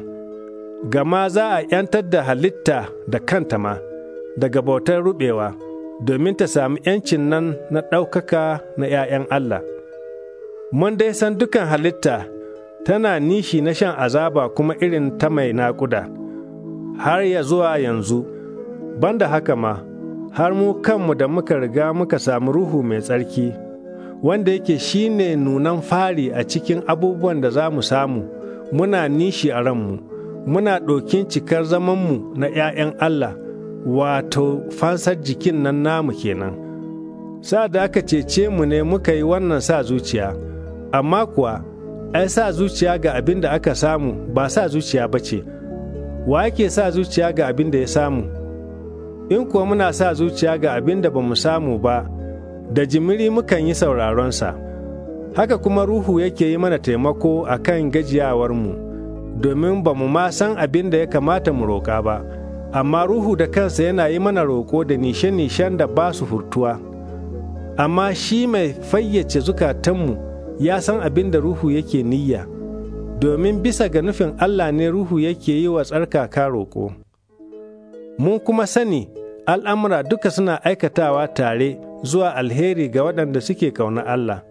gama za a ‘yantar da halitta da kanta ma, daga bautar ruɓewa, domin ta sami ‘yancin nan na ɗaukaka na ‘ya'yan Allah. Mun dai san dukan halitta tana nishi na shan azaba kuma irin ta mai naƙuda, har ya zuwa yanzu, banda haka ma, har mu kanmu da muka riga muka samu ruhu mai tsarki wanda yake shi ne nunan fari a cikin abubuwan da za mu samu muna nishi a ranmu muna ɗokin cikar zamanmu na 'ya'yan Allah wato fansar jikin nan namu kenan sa da aka cece mu ne muka yi wannan sa zuciya amma kuwa ai sa zuciya ga abin da aka samu ba sa zuciya ba ce wa ke sa zuciya ga abin da ya samu in kuwa muna sa zuciya ga abin da ba mu samu ba, da jimiri mukan yi sauraronsa. Haka kuma Ruhu yake yi mana taimako a kan gajiyawarmu, domin ba mu ma san abin da ya kamata mu roƙa ba, amma Ruhu da kansa yana yi mana roƙo da nishe-nishen da ba su hurtuwa. Amma shi mai fayyace zukatanmu ya san abin da Ruhu yake niyya, domin bisa ga nufin Allah ne Ruhu yake yi wa tsarkaka roƙo. mun kuma sani al'amura duka suna aikatawa tare zuwa alheri ga waɗanda suke ƙauna Allah,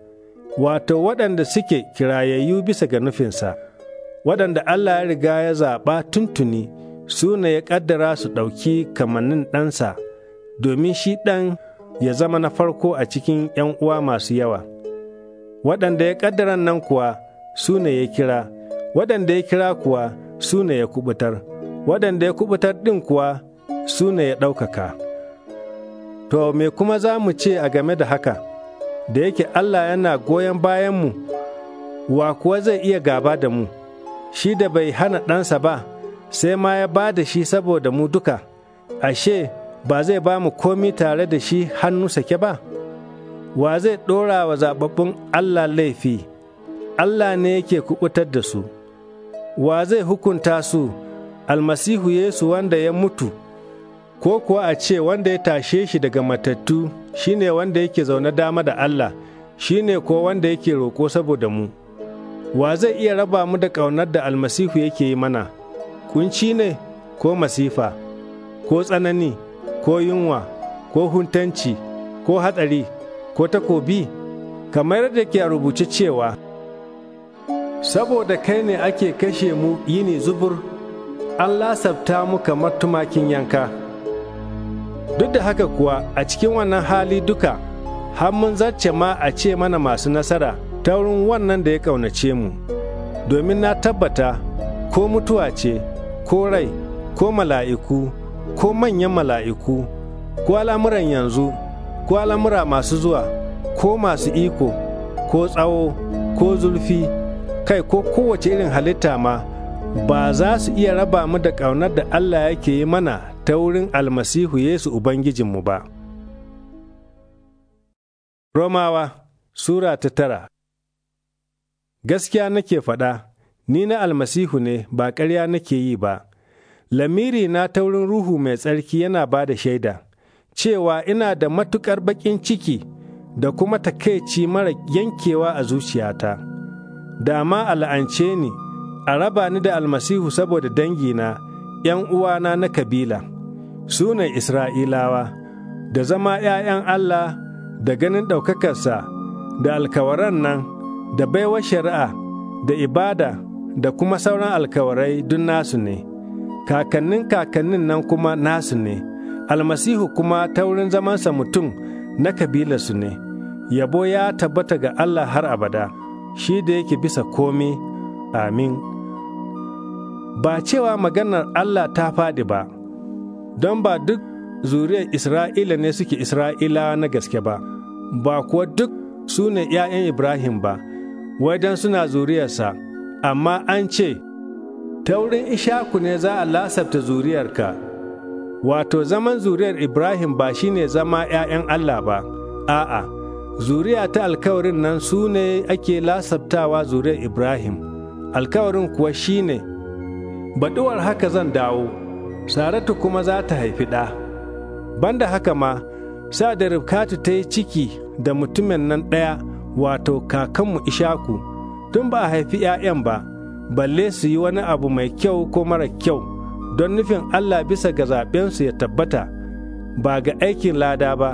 wato waɗanda suke kirayayyu bisa ga nufinsa, waɗanda Allah ya riga ya zaɓa tuntuni su ne ya ƙaddara su ɗauki kamannin ɗansa, domin shi ɗan ya zama na farko a cikin ‘yan uwa masu yawa. Waɗanda ya ƙaddara nan kuwa su ne ya kira, waɗanda ya kira kuwa su ne ya kubutar, waɗanda ya kubutar ɗin kuwa su ne ya ɗaukaka. To, me kuma za mu ce a game da haka, da yake Allah yana goyon bayanmu, wa kuwa zai iya gaba da mu, shi da bai hana ɗansa ba, sai ma ya ba da shi saboda mu duka, ashe, ba zai ba mu komi tare da shi hannu sake ba? Wa zai ɗora wa zaɓaɓɓun Allah laifi, Allah ne yake kuɓutar da su, wa zai hukunta su, almasihu Yesu wanda ya mutu. ko kuwa a ce wanda ya tashe shi daga matattu shine wanda yake zaune dama da Allah shine ko wanda yake roƙo saboda mu wa zai iya raba mu da ƙaunar da almasihu yake yi mana kunci ne ko masifa ko tsanani ko yunwa ko huntanci ko hatsari ko takobi kamar da ke rubuce cewa saboda kai ne ake kashe mu yini zubur an lasabta mu kamar tumakin yanka. duk da haka kuwa a cikin wannan hali duka har mun zace ma a ce mana masu nasara ta wurin wannan da ya ƙaunace mu domin na tabbata ko mutuwa ce ko rai ko mala'iku ko manyan mala'iku ko al'amuran yanzu ko al'amura masu zuwa ko masu iko ko tsawo ko zurfi, kai ko kowace irin halitta ma ba za su iya raba mu da ƙaunar da Allah yake yi mana ta wurin almasihu Yesu Ubangijinmu ba. Romawa Sura ta tara Gaskiya nake faɗa, ni na almasihu ne ba ƙarya nake yi ba, lamiri na ta wurin Ruhu mai tsarki yana ba da shaida, cewa ina da matuƙar baƙin ciki da kuma takaici mara yankewa a zuciyata. Dama a la'ance ni, a raba ni da almasihu saboda dangina, ’yan uwana na kabila. su ne Isra'ilawa, da zama ’ya'yan Allah da ganin ɗaukakarsa, da alkawaran nan, da baiwar shari'a, da ibada, da kuma sauran alkawarai duk nasu ne, kakannin kakannin nan kuma nasu ne, almasihu kuma ta wurin zamansa mutum na kabila su ne, yabo ya tabbata ga Allah har abada, shi da yake bisa komi, amin. Ba cewa maganar Allah ta faɗi ba. don ba duk zuriyar Isra'ila ne suke Isra'ila na gaske ba, ba kuwa duk su ne ’ya'yan Ibrahim ba, wadan suna zuriyarsa, amma an ce, ta wurin Ishaku ne za a lasafta zuriyarka, wato zaman zuriyar Ibrahim ba shi ne zama ’ya'yan Allah ba, a'a, zuriya ta alkawarin nan su ne ake lasaftawa zuriyar Ibrahim, alkawarin kuwa shi ne, baɗuwar haka zan dawo. saratu kuma za ta haifi ɗa banda haka ma sa da rifkatu ta yi ciki da mutumin nan ɗaya wato kakanmu ishaku tun ba a haifi 'ya'yan ba balle su yi wani abu mai kyau ko mara kyau don nufin allah bisa ga zaɓensu ya tabbata ba ga aikin lada ba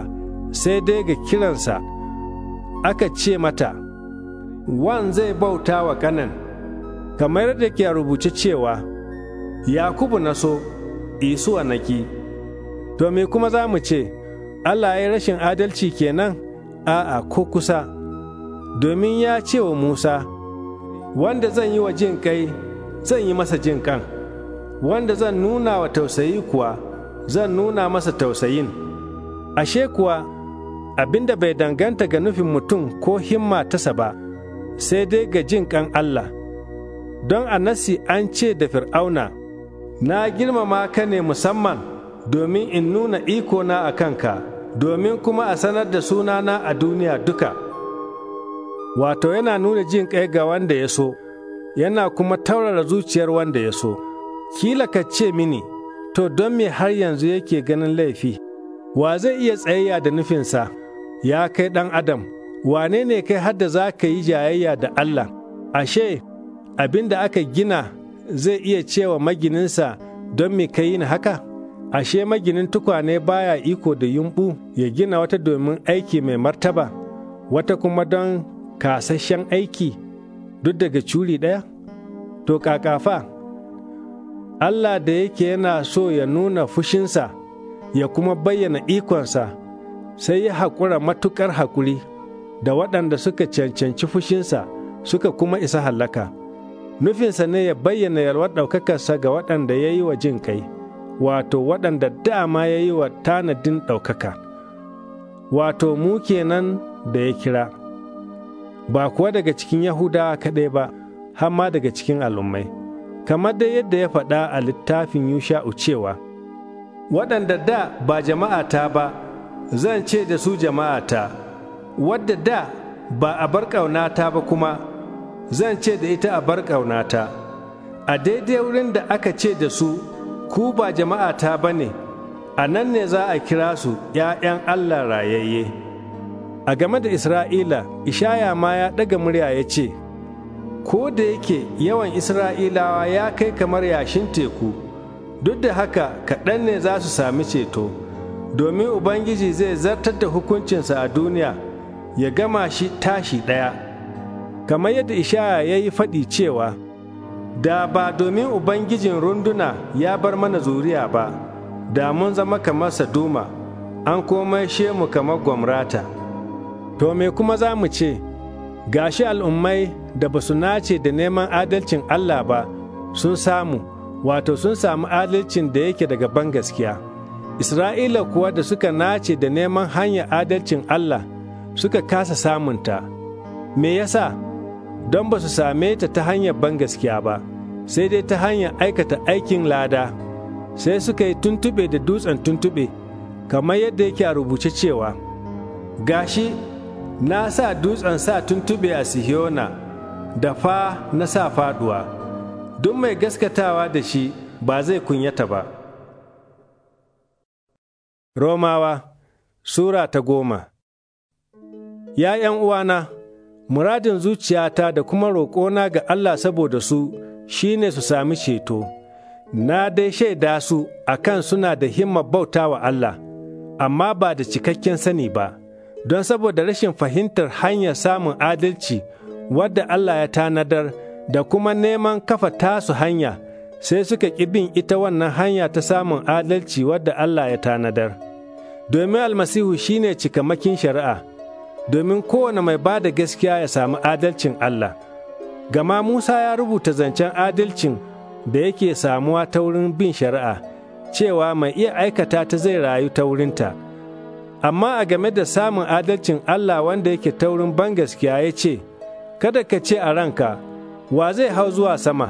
sai dai ga kiransa aka ce mata wan zai bauta wa kanan kamar da ke rubuce cewa yakubu na so isu anaki to me kuma za mu ce allah ya yi rashin adalci kenan a'a ko kusa domin ya ce wa musa wanda zan yi wa jin kai zan yi masa jin kan wanda zan nuna wa tausayi kuwa zan nuna masa tausayin ashe kuwa abinda bai danganta ga nufin mutum ko himma tasa ba sai dai ga jin kan allah don a nasi an ce da fir'auna na girmama ka ne musamman domin in nuna ikona a kanka domin kuma a sanar da sunana a duniya duka wato yana nuna jin kai ga wanda ya so yana kuma taurara zuciyar wanda ya so kila ka ce mini to don me har yanzu yake ganin laifi wa zai iya tsayayya da nufinsa ya kai ɗan adam wane ne kai hadda za ka yi jayayya da allah ashe abin da aka gina zai iya cewa magininsa don me ka yi haka? Ashe maginin tukwane baya iko da yumbu ya gina wata domin aiki mai martaba, wata kuma don kasashen aiki duk daga curi ɗaya? To kakafa, Allah da yake yana so ya nuna fushinsa ya kuma bayyana ikonsa sai ya haƙura matuƙar haƙuri da waɗanda suka cancanci fushinsa suka kuma isa hallaka. nufinsa ne ya bayyana yalwar ɗaukakarsa ga waɗanda ya yi wa jin kai, wato waɗanda dama ya yi wa tanadin ɗaukaka, wato mu kenan da ya kira, ba kuwa daga cikin Yahudawa kaɗai ba, har ma daga cikin al'ummai, kamar dai yadda ya faɗa a littafin Yusha'u cewa, waɗanda da ba jama'ata ba, zan ce da su jama'ata, wadda da ba a bar ƙaunata ba kuma. zan ce da ita a bar ƙaunata a daidai wurin da aka ce da su ku ba jama'ata ba ne a nan ne za a kira su ‘ya'yan Allah rayayye a game da Isra'ila ishaya ma ya ɗaga murya ya ce ko da yake yawan Isra'ilawa ya kai kamar yashin teku duk da haka kaɗan ne za su sami ceto domin Ubangiji zai zartar da hukuncinsa a duniya ya gama shi tashi ɗaya. kamar yadda ishaya ya yi faɗi cewa da ba domin ubangijin runduna ya bar mana zuriya ba da mun zama kamar saduma an komai shemu kamar gwamrata to me kuma za mu ce gashi al'ummai da ba su nace da neman adalcin Allah ba sun samu wato sun samu adalcin da yake daga gaskiya? Isra'ila kuwa da suka nace da neman hanyar adalcin Allah suka kasa samunta me yasa don ba su same ta ta hanyar ban gaskiya ba sai dai ta hanyar aikata aikin lada sai suka yi tuntuɓe da dutsen tuntuɓe kamar yadda yake a rubuce cewa gashi na sa dutsen sa tuntuɓe a sihiona da fa na sa faduwa, duk mai gaskatawa da shi ba zai kunyata ba romawa sura ta goma ya ’yan uwana muradin zuciyata da kuma roƙona ga Allah saboda su shine su sami ceto. Na dai shaida su a kan suna da himmar bauta wa Allah, amma ba da cikakken sani ba, don saboda rashin fahimtar hanyar samun adalci wadda Allah ya tanadar da kuma neman kafa tasu hanya, sai suka ƙi bin ita wannan hanya ta samun adalci wadda Allah ya tanadar. Domin almasihu shine cikamakin shari'a. domin kowane mai ba da gaskiya ya sami adalcin Allah. Gama Musa ya rubuta zancen adalcin da yake samuwa ta wurin bin shari'a, cewa mai iya aikata ta zai rayu ta wurinta. Amma a game da samun adalcin Allah wanda yake ta wurin ban gaskiya ya ce, Kada ka ce a ranka, wa zai hau zuwa sama,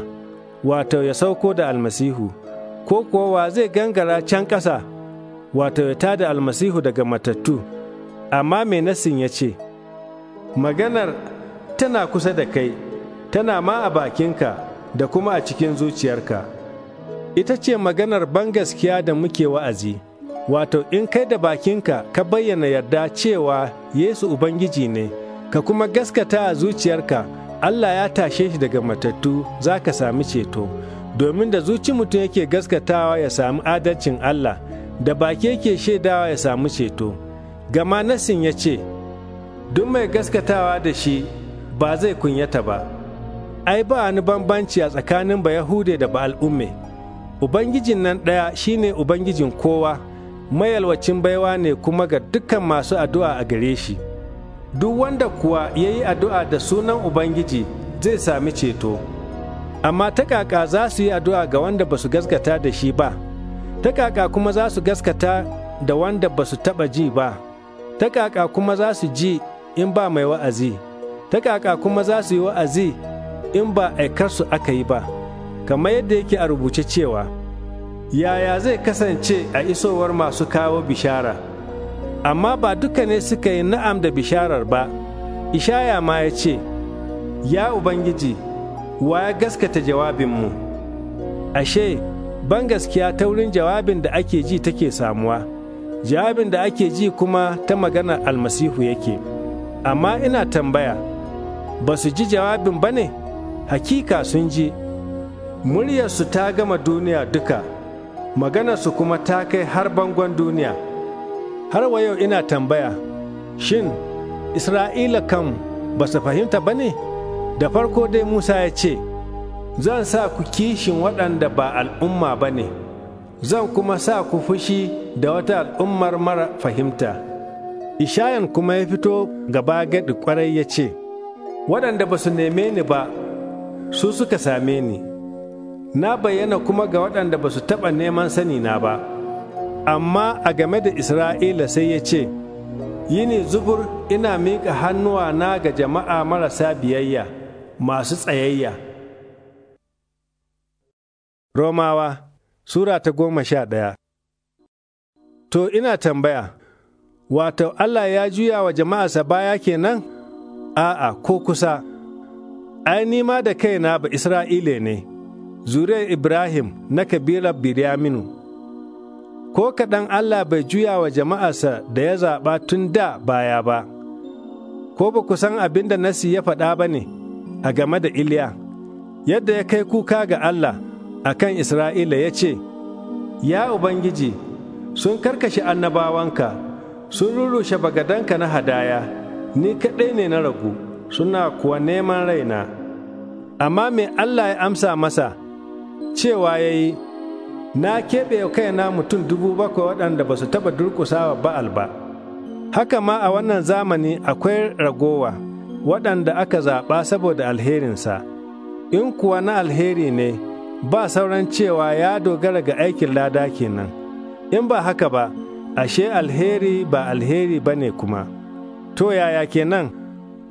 wato ya sauko da almasihu, ko kuwa wa zai gangara can ƙasa, wato ya tada almasihu daga matattu. amma mai nasin ya ce maganar tana kusa da kai tana ma a bakinka da kuma a cikin zuciyarka ita ce maganar bangaskiya da muke wa'azi wato in kai da bakinka ka bayyana yarda cewa yesu ubangiji ne ka kuma gaskata a zuciyarka allah ya tashe shi daga matattu za ka sami ceto domin da zuci mutum yake gaskatawa ya sami adalcin allah da baki yake shaidawa ya sami ceto gama nasin ya ce duk mai gaskatawa da shi ba zai kunyata ba ai ba ni bambanci a tsakanin ba yahude da ba al'umme ubangijin nan ɗaya shi ne ubangijin kowa mayalwacin baiwa ne kuma ga dukkan masu addu'a a gare shi duk wanda kuwa ya yi addu'a da sunan ubangiji zai sami ceto amma ta kaka za su yi addu'a ga wanda ba su gaskata da shi ba ta kaka kuma za su gaskata da wanda ba su taɓa ji ba. ta kaka kuma za su ji in ba mai wa'azi, ta kaka kuma za su yi wa'azi in ba aikarsu aka yi ba, kamar yadda yake a rubuce cewa, yaya zai kasance a isowar masu kawo bishara, amma ba duka ne suka yi na'am da bisharar ba, ishaya ma ya ce, Ya Ubangiji, wa ya gaskata jawabinmu, ashe, ban gaskiya ta wurin jawabin da ake ji take samuwa. jawabin da ake ji kuma ta magana almasihu yake amma ina tambaya ba su ji jawabin ba ne hakika sun ji muryarsu ta gama duniya duka maganarsu kuma ta kai har bangon duniya har wa yau ina tambaya shin isra'ila kan ba su fahimta ba ne da farko dai musa ya ce zan sa ku kishin waɗanda ba al'umma ba ne zan kuma sa ku fushi da wata al'ummar mara fahimta. Ishayan kuma ya fito gaba gaɗi kwarai ya ce, Waɗanda ba su neme ni ba, su suka same ni, na bayyana kuma ga waɗanda ba su taɓa neman sani na ba, amma a game da Isra'ila sai ya ce, Yini zubur ina mika hannuwa na ga jama'a marasa biyayya, masu tsayayya. Romawa Sura ta goma sha ɗaya To ina tambaya, wato Allah ya juya wa jama'arsa baya kenan? A'a, ko kusa, ai ni ma da kaina ba Isra'ile ne, zuriyar Ibrahim na kabilar Biryaminu. Ko kaɗan Allah bai juya wa jama'arsa da ya zaɓa tun da baya ba, ko ba ku san abin da Nasi ya faɗa ba ne a game da Iliya, yadda ya kai kuka ga Allah. a kan Isra'ila ya ce, Ya Ubangiji, sun karkashe annabawanka, sun rurushe bagadanka na hadaya, ni kaɗai ne na ragu, suna kuwa neman raina. Amma me Allah ya amsa masa, cewa ya yi, Na keɓe kaina mutum dubu bakwai waɗanda ba su taɓa durƙusawa ba'al ba. Haka ma a wannan zamani akwai ragowa, waɗanda aka zaɓa saboda alherinsa, in kuwa na alheri ne. ba sauran cewa ya dogara ga aikin lada kenan in ba haka ba ashe alheri ba alheri ba ne kuma to yaya kenan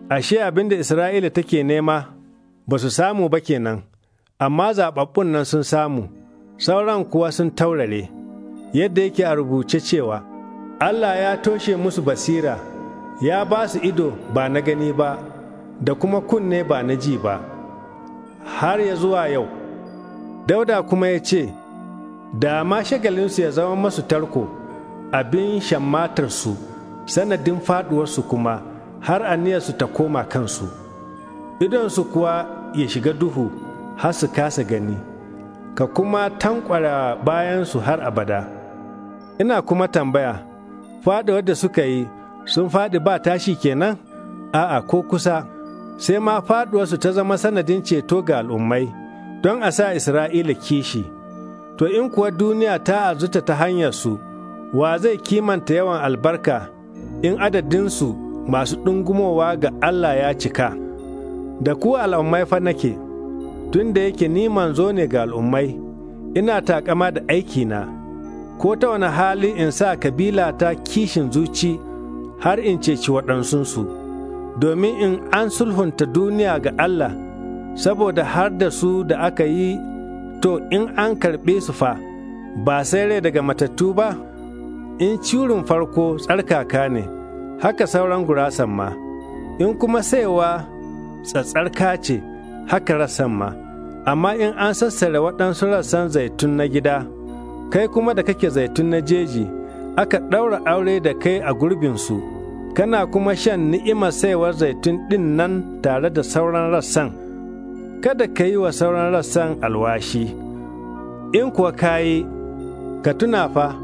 ashe abinda da isra'ila take nema ba su samu ba kenan amma zaɓaɓɓun nan sun samu sauran kuwa sun taurare yadda yake a rubuce cewa allah ya toshe musu basira ya ba su ido ba na gani ba da kuma kunne ba na ji ba har ya zuwa yau Dauda kuma ya ce, Da ma shagalinsu ya zama masu tarko, abin shammatarsu, sanadin faɗuwarsu kuma har aniyarsu ta koma kansu, idonsu kuwa ya shiga duhu har su kasa gani, ka kuma tankwara bayansu har abada. Ina kuma tambaya, faɗuwar da suka yi sun faɗi ba tashi kenan? A'a ko kusa, sai ma faɗuwarsu ta zama sanadin ceto ga al'ummai. don a sa Isra'ila kishi, to in kuwa duniya ta azuta ta hanyarsu, wa zai kimanta yawan albarka in adadinsu masu ɗungumowa ga Allah ya cika. Da ku al'ummai fa nake, tun da yake ni zo ne ga al'ummai, ina taƙama da aikina, ko ta wani hali in sa kabila ta kishin zuci har in ceci waɗansunsu, domin in an sulhunta duniya ga Allah. saboda har da su da aka yi to in an karɓe su fa ba sai rai daga matattu ba in cirin farko tsarkaka ne haka sauran gurasan ma in kuma saiwa tsatsarka ce haka rassan ma amma in an sassare waɗansu rassan zaitun na gida kai kuma da kake zaitun na jeji aka ɗaura aure da kai a gurbinsu kana kuma shan ni'imar saiwar zaitun ɗin nan tare da sauran rassan kada ka yi wa sauran rassan alwashi, in kuwa ka yi, ka tuna fa,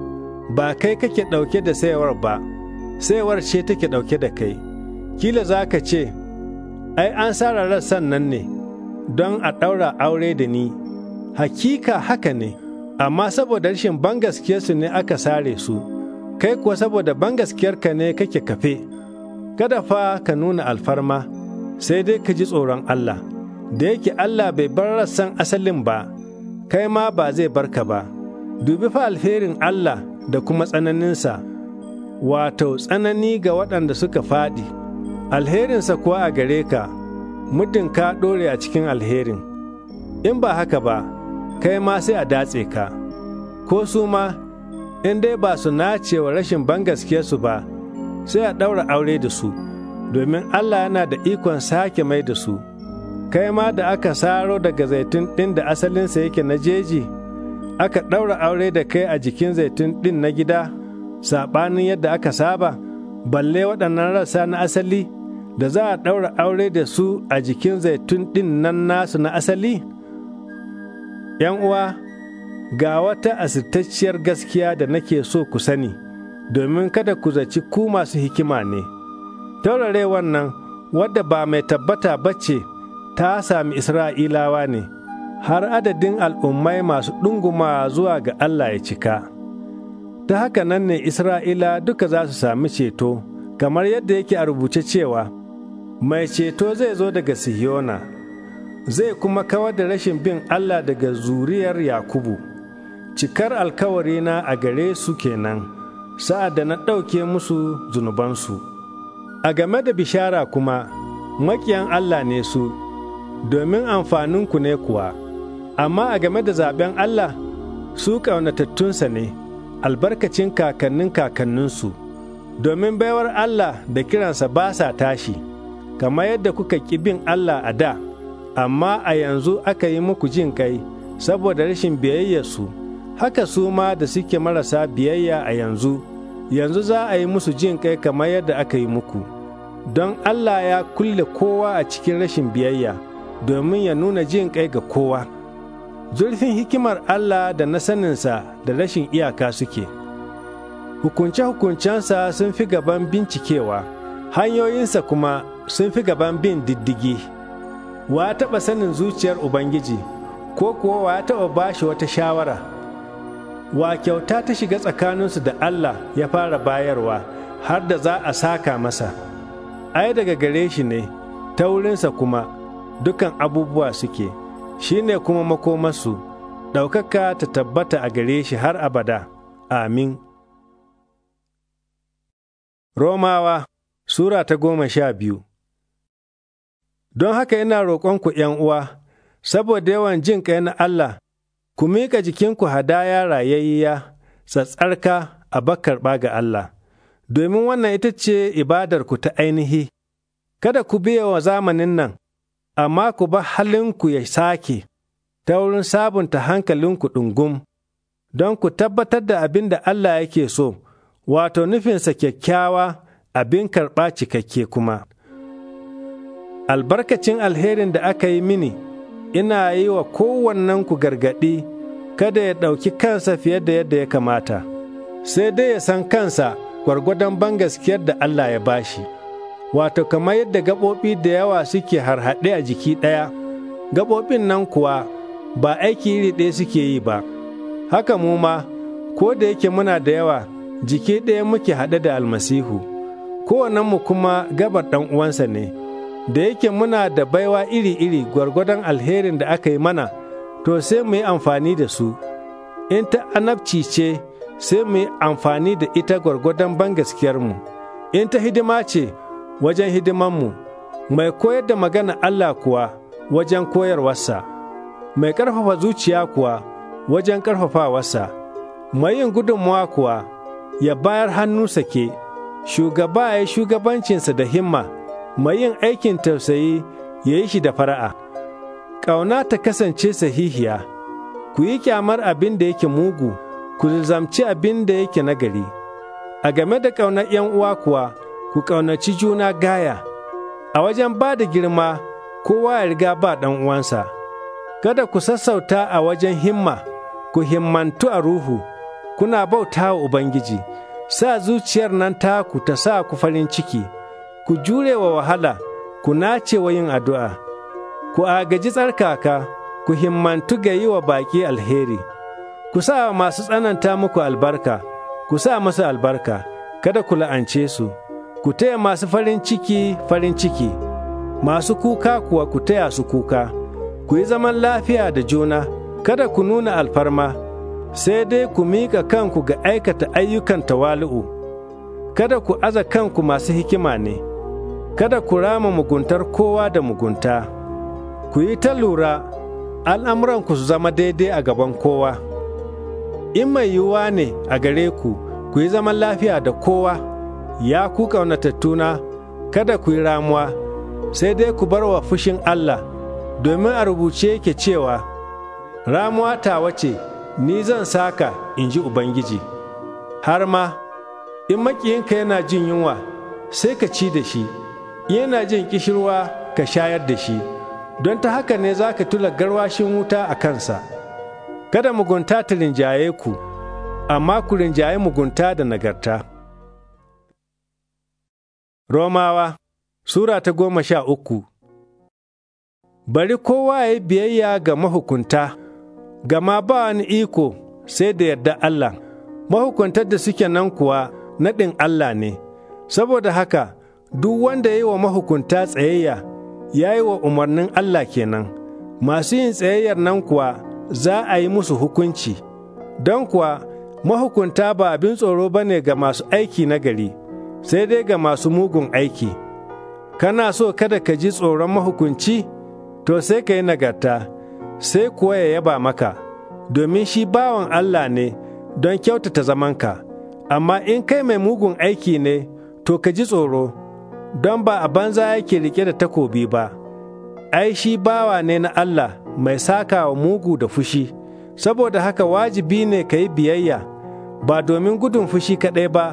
ba kai kake ɗauke da sayawar ba, sayawar ce take ɗauke da kai, kila za ka ce, ai an sara rassan nan ne, don a ɗaura aure da ni, hakika haka ne, amma saboda rashin bangaskiyarsu ne aka sare su, kai kuwa saboda bangaskiyarka ne kake kafe, kada fa ka nuna alfarma, sai dai ka ji tsoron Allah. da yake Allah bai bar rassan asalin ba, kai ma ba zai barka ba, dubi fa alherin Allah da kuma tsananinsa, wato tsanani ga waɗanda suka faɗi, alherinsa kuwa a gare ka, muddin ka ɗore a cikin alherin, in ba haka ba, kai ma sai a datse ka, ko su ma, in dai ba su nacewa rashin su ba, sai a ɗaura aure da su, domin Allah yana da ikon sake mai da su. kai ma da aka saro daga zaitun ɗin da asalinsa yake na jeji, aka ɗaura aure da kai a jikin zaitun ɗin na gida, saɓanin yadda aka saba, balle waɗannan rasa na asali, da za a ɗaura aure da su a jikin zaitun ɗin nan nasu na asali? ‘Yan uwa, ga wata asirtacciyar gaskiya da nake so ku sani, domin kada ku zaci ku masu hikima ne. Taurarewan nan, wadda ba mai tabbata bace ce. ta sami Isra'ilawa ne, har adadin al'ummai masu ɗunguma zuwa ga Allah ya cika. Ta haka nan ne Isra'ila duka za su sami ceto, kamar yadda yake a rubuce cewa, Mai ceto zai zo daga Sihiyona, zai kuma kawar da rashin bin Allah daga zuriyar Yakubu. Cikar alkawarina a gare su kenan, sa'ad da na ɗauke musu zunubansu. A game da bishara kuma, maƙiyan Allah ne su. domin amfaninku ne kuwa, amma a game da zaɓen Allah su ƙaunatattunsa ne, albarkacin kakannin kakanninsu, domin baiwar Allah da kiransa ba sa tashi, kama yadda kuka ƙi bin Allah a da, amma a yanzu aka yi muku jin kai saboda rashin biyayyarsu, haka su ma da suke marasa biyayya a yanzu, yanzu za a yi musu jin kai kama yadda aka yi muku. Don Allah ya kulle kowa a cikin rashin biyayya. domin ya nuna jin kai ga kowa. Zurfin hikimar Allah da na saninsa da rashin iyaka suke. Hukunce-hukuncensa sun fi gaban bincikewa, hanyoyinsa kuma sun fi gaban bin diddigi. Wa taɓa sanin zuciyar Ubangiji, ko kuwa wa taɓa bashi wata shawara. Wa kyauta ta shiga tsakaninsu da Allah ya fara bayarwa, har da za a saka masa. Ai daga gare shi ne, ta wurinsa kuma dukan abubuwa suke, shi ne kuma makomarsu, ɗaukaka ta tabbata a gare shi har abada, amin. Romawa Sura ta goma sha biyu Don haka ina roƙonku uwa, saboda yawan jin ƙai na Allah, ku miƙa jikinku hadaya rayayya, tsatsarka a bakarɓa ga Allah, domin wannan ita ce ibadarku ta ainihi, kada ku biya wa zamanin nan. amma ku ba halinku ya sake, ta wurin sabunta hankalinku ɗungum, don ku tabbatar da abin da Allah yake so, wato nufinsa kyakkyawa abin karɓa cikakke kuma. Albarkacin alherin da aka yi mini, ina yi wa kowannenku gargaɗi, kada ya ɗauki kansa fiye da yadda ya kamata, sai dai ya san kansa gwargwadon bangaskiyar da Allah ya bashi. wato kamar yadda gaɓoɓi da yawa suke harhaɗe a jiki ɗaya, gaɓoɓin nan kuwa ba aiki iri ɗaya suke yi ba, haka mu ma, ko da yake muna da yawa, jiki ɗaya muke haɗe da almasihu, mu kuma gabar ɗan uwansa ne, da yake muna da baiwa iri-iri gwargwadon alherin da aka yi mana, to sai mu yi amfani da su, in ta anabci ce sai mu yi amfani da ita gwargwadon mu. in ta hidima ce. wajen hidimanmu, mai koyar da magana Allah kuwa wajen koyarwarsa, mai ƙarfafa zuciya kuwa wajen ƙarfafa wasa. mai yin gudunmawa kuwa ya bayar hannu sake, shugaba ya yi shugabancinsa da himma, mai yin aikin tausayi ya yi shi da fara'a. Ƙauna ta kasance sahihiya, ku yi kyamar abin da yake mugu, ku zamci abin da yake nagari. A game da ƙaunar uwa kuwa, ku ƙaunaci juna gaya, a wajen ba da girma kowa ya riga ba ɗan uwansa, kada ku sassauta a wajen himma, ku himmantu a ruhu, kuna bauta wa Ubangiji, sa zuciyar nan ta ku ta sa ku farin ciki, ku jure wa wahala, ku nace wa yin addu'a, ku agaji tsarkaka, ku himmantu ga yi wa baƙi alheri, ku sa masu tsananta muku albarka, ku sa masu albarka, kada ku la'ance su. ku taya masu farin ciki farin ciki, masu kuka kuwa ku taya su kuka, ku yi zaman lafiya da juna, kada ku nuna alfarma, sai dai ku miƙa kanku ga aikata ayyukan tawali'u, kada ku aza kanku masu hikima ne, kada ku rama muguntar kowa da mugunta, ku yi ta lura al'amuranku su zama daidai a gaban kowa. In mai yiwuwa ne a gare ku, ku yi zaman lafiya da kowa. ya ku ƙaunatattuna, kada ku yi ramuwa, sai dai ku bar wa fushin Allah, domin a rubuce yake cewa, Ramuwa ta wace, ni zan saka in ji Ubangiji, har ma, in makiyinka yana jin yunwa, sai ka ci da shi, yana jin kishirwa ka shayar da shi, don ta haka ne za ka tula garwashin wuta a kansa. Kada mugunta ta rinjaye ku, amma ku rinjaye mugunta da nagarta. Romawa Sura ta goma sha uku Bari kowa ya biyayya ga mahukunta, gama ba wani iko sai da yarda Allah, mahukuntar da suke nan kuwa naɗin Allah ne, saboda haka duk wanda ya yi wa mahukunta tsayayya ya yi wa umarnin Allah kenan, masu yin tsayayyar nan kuwa za a yi musu hukunci, don kuwa mahukunta ba abin tsoro ba ne ga masu aiki na gari. sai dai ga masu mugun aiki, kana so kada ka ji tsoron mahukunci, to sai ka yi nagarta, sai kuwa ya yaba maka, domin shi bawan Allah ne don kyautata zamanka, amma in kai mai mugun aiki ne, to ka ji tsoro, don ba a banza yake rike da takobi ba, ai shi bawa ne na Allah mai saka wa mugu da fushi, saboda haka wajibi ne ka yi biyayya, ba domin gudun fushi kaɗai ba.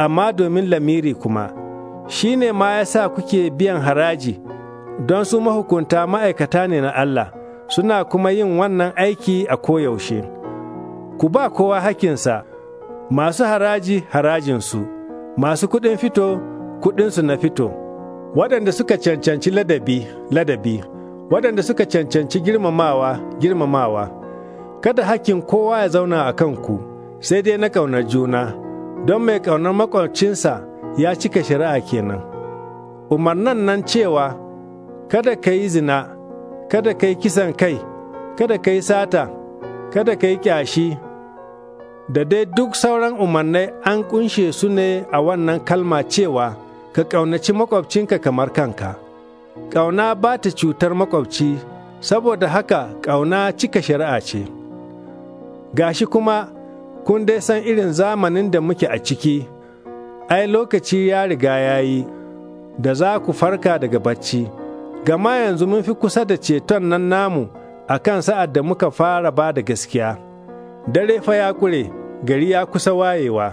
amma domin lamiri kuma, shi ne ma ya sa kuke biyan haraji, don su mahukunta ma'aikata ne na Allah, suna kuma yin wannan aiki a koyaushe. Ku ba kowa hakinsa, masu haraji harajinsu, masu kuɗin fito, kuɗinsu na fito, waɗanda suka cancanci ladabi, ladabi, waɗanda suka cancanci girmamawa, girmamawa. Kada hakkin kowa ya zauna a kanku, sai dai na ƙaunar juna. don mai ƙaunar makwabcinsa ya cika shari'a kenan. Umarnan nan cewa, Kada ka yi zina, kada ka yi kisan kai, kada ka yi sata, kada ka yi ƙyashi, da dai duk sauran umarnai an kunshe su ne a wannan kalma cewa, Ka ƙaunaci makwabcinka kamar kanka. Ƙauna ba ta cutar makwabci, saboda haka ƙauna cika shari'a ce. Gashi kuma, kun dai san irin zamanin da muke a ciki, ai lokaci ya riga ya yi, da za ku farka daga bacci, gama yanzu mun fi kusa da ceton nan namu a kan sa'ad da muka fara ba da gaskiya. Dare fa ya kure, gari ya kusa wayewa,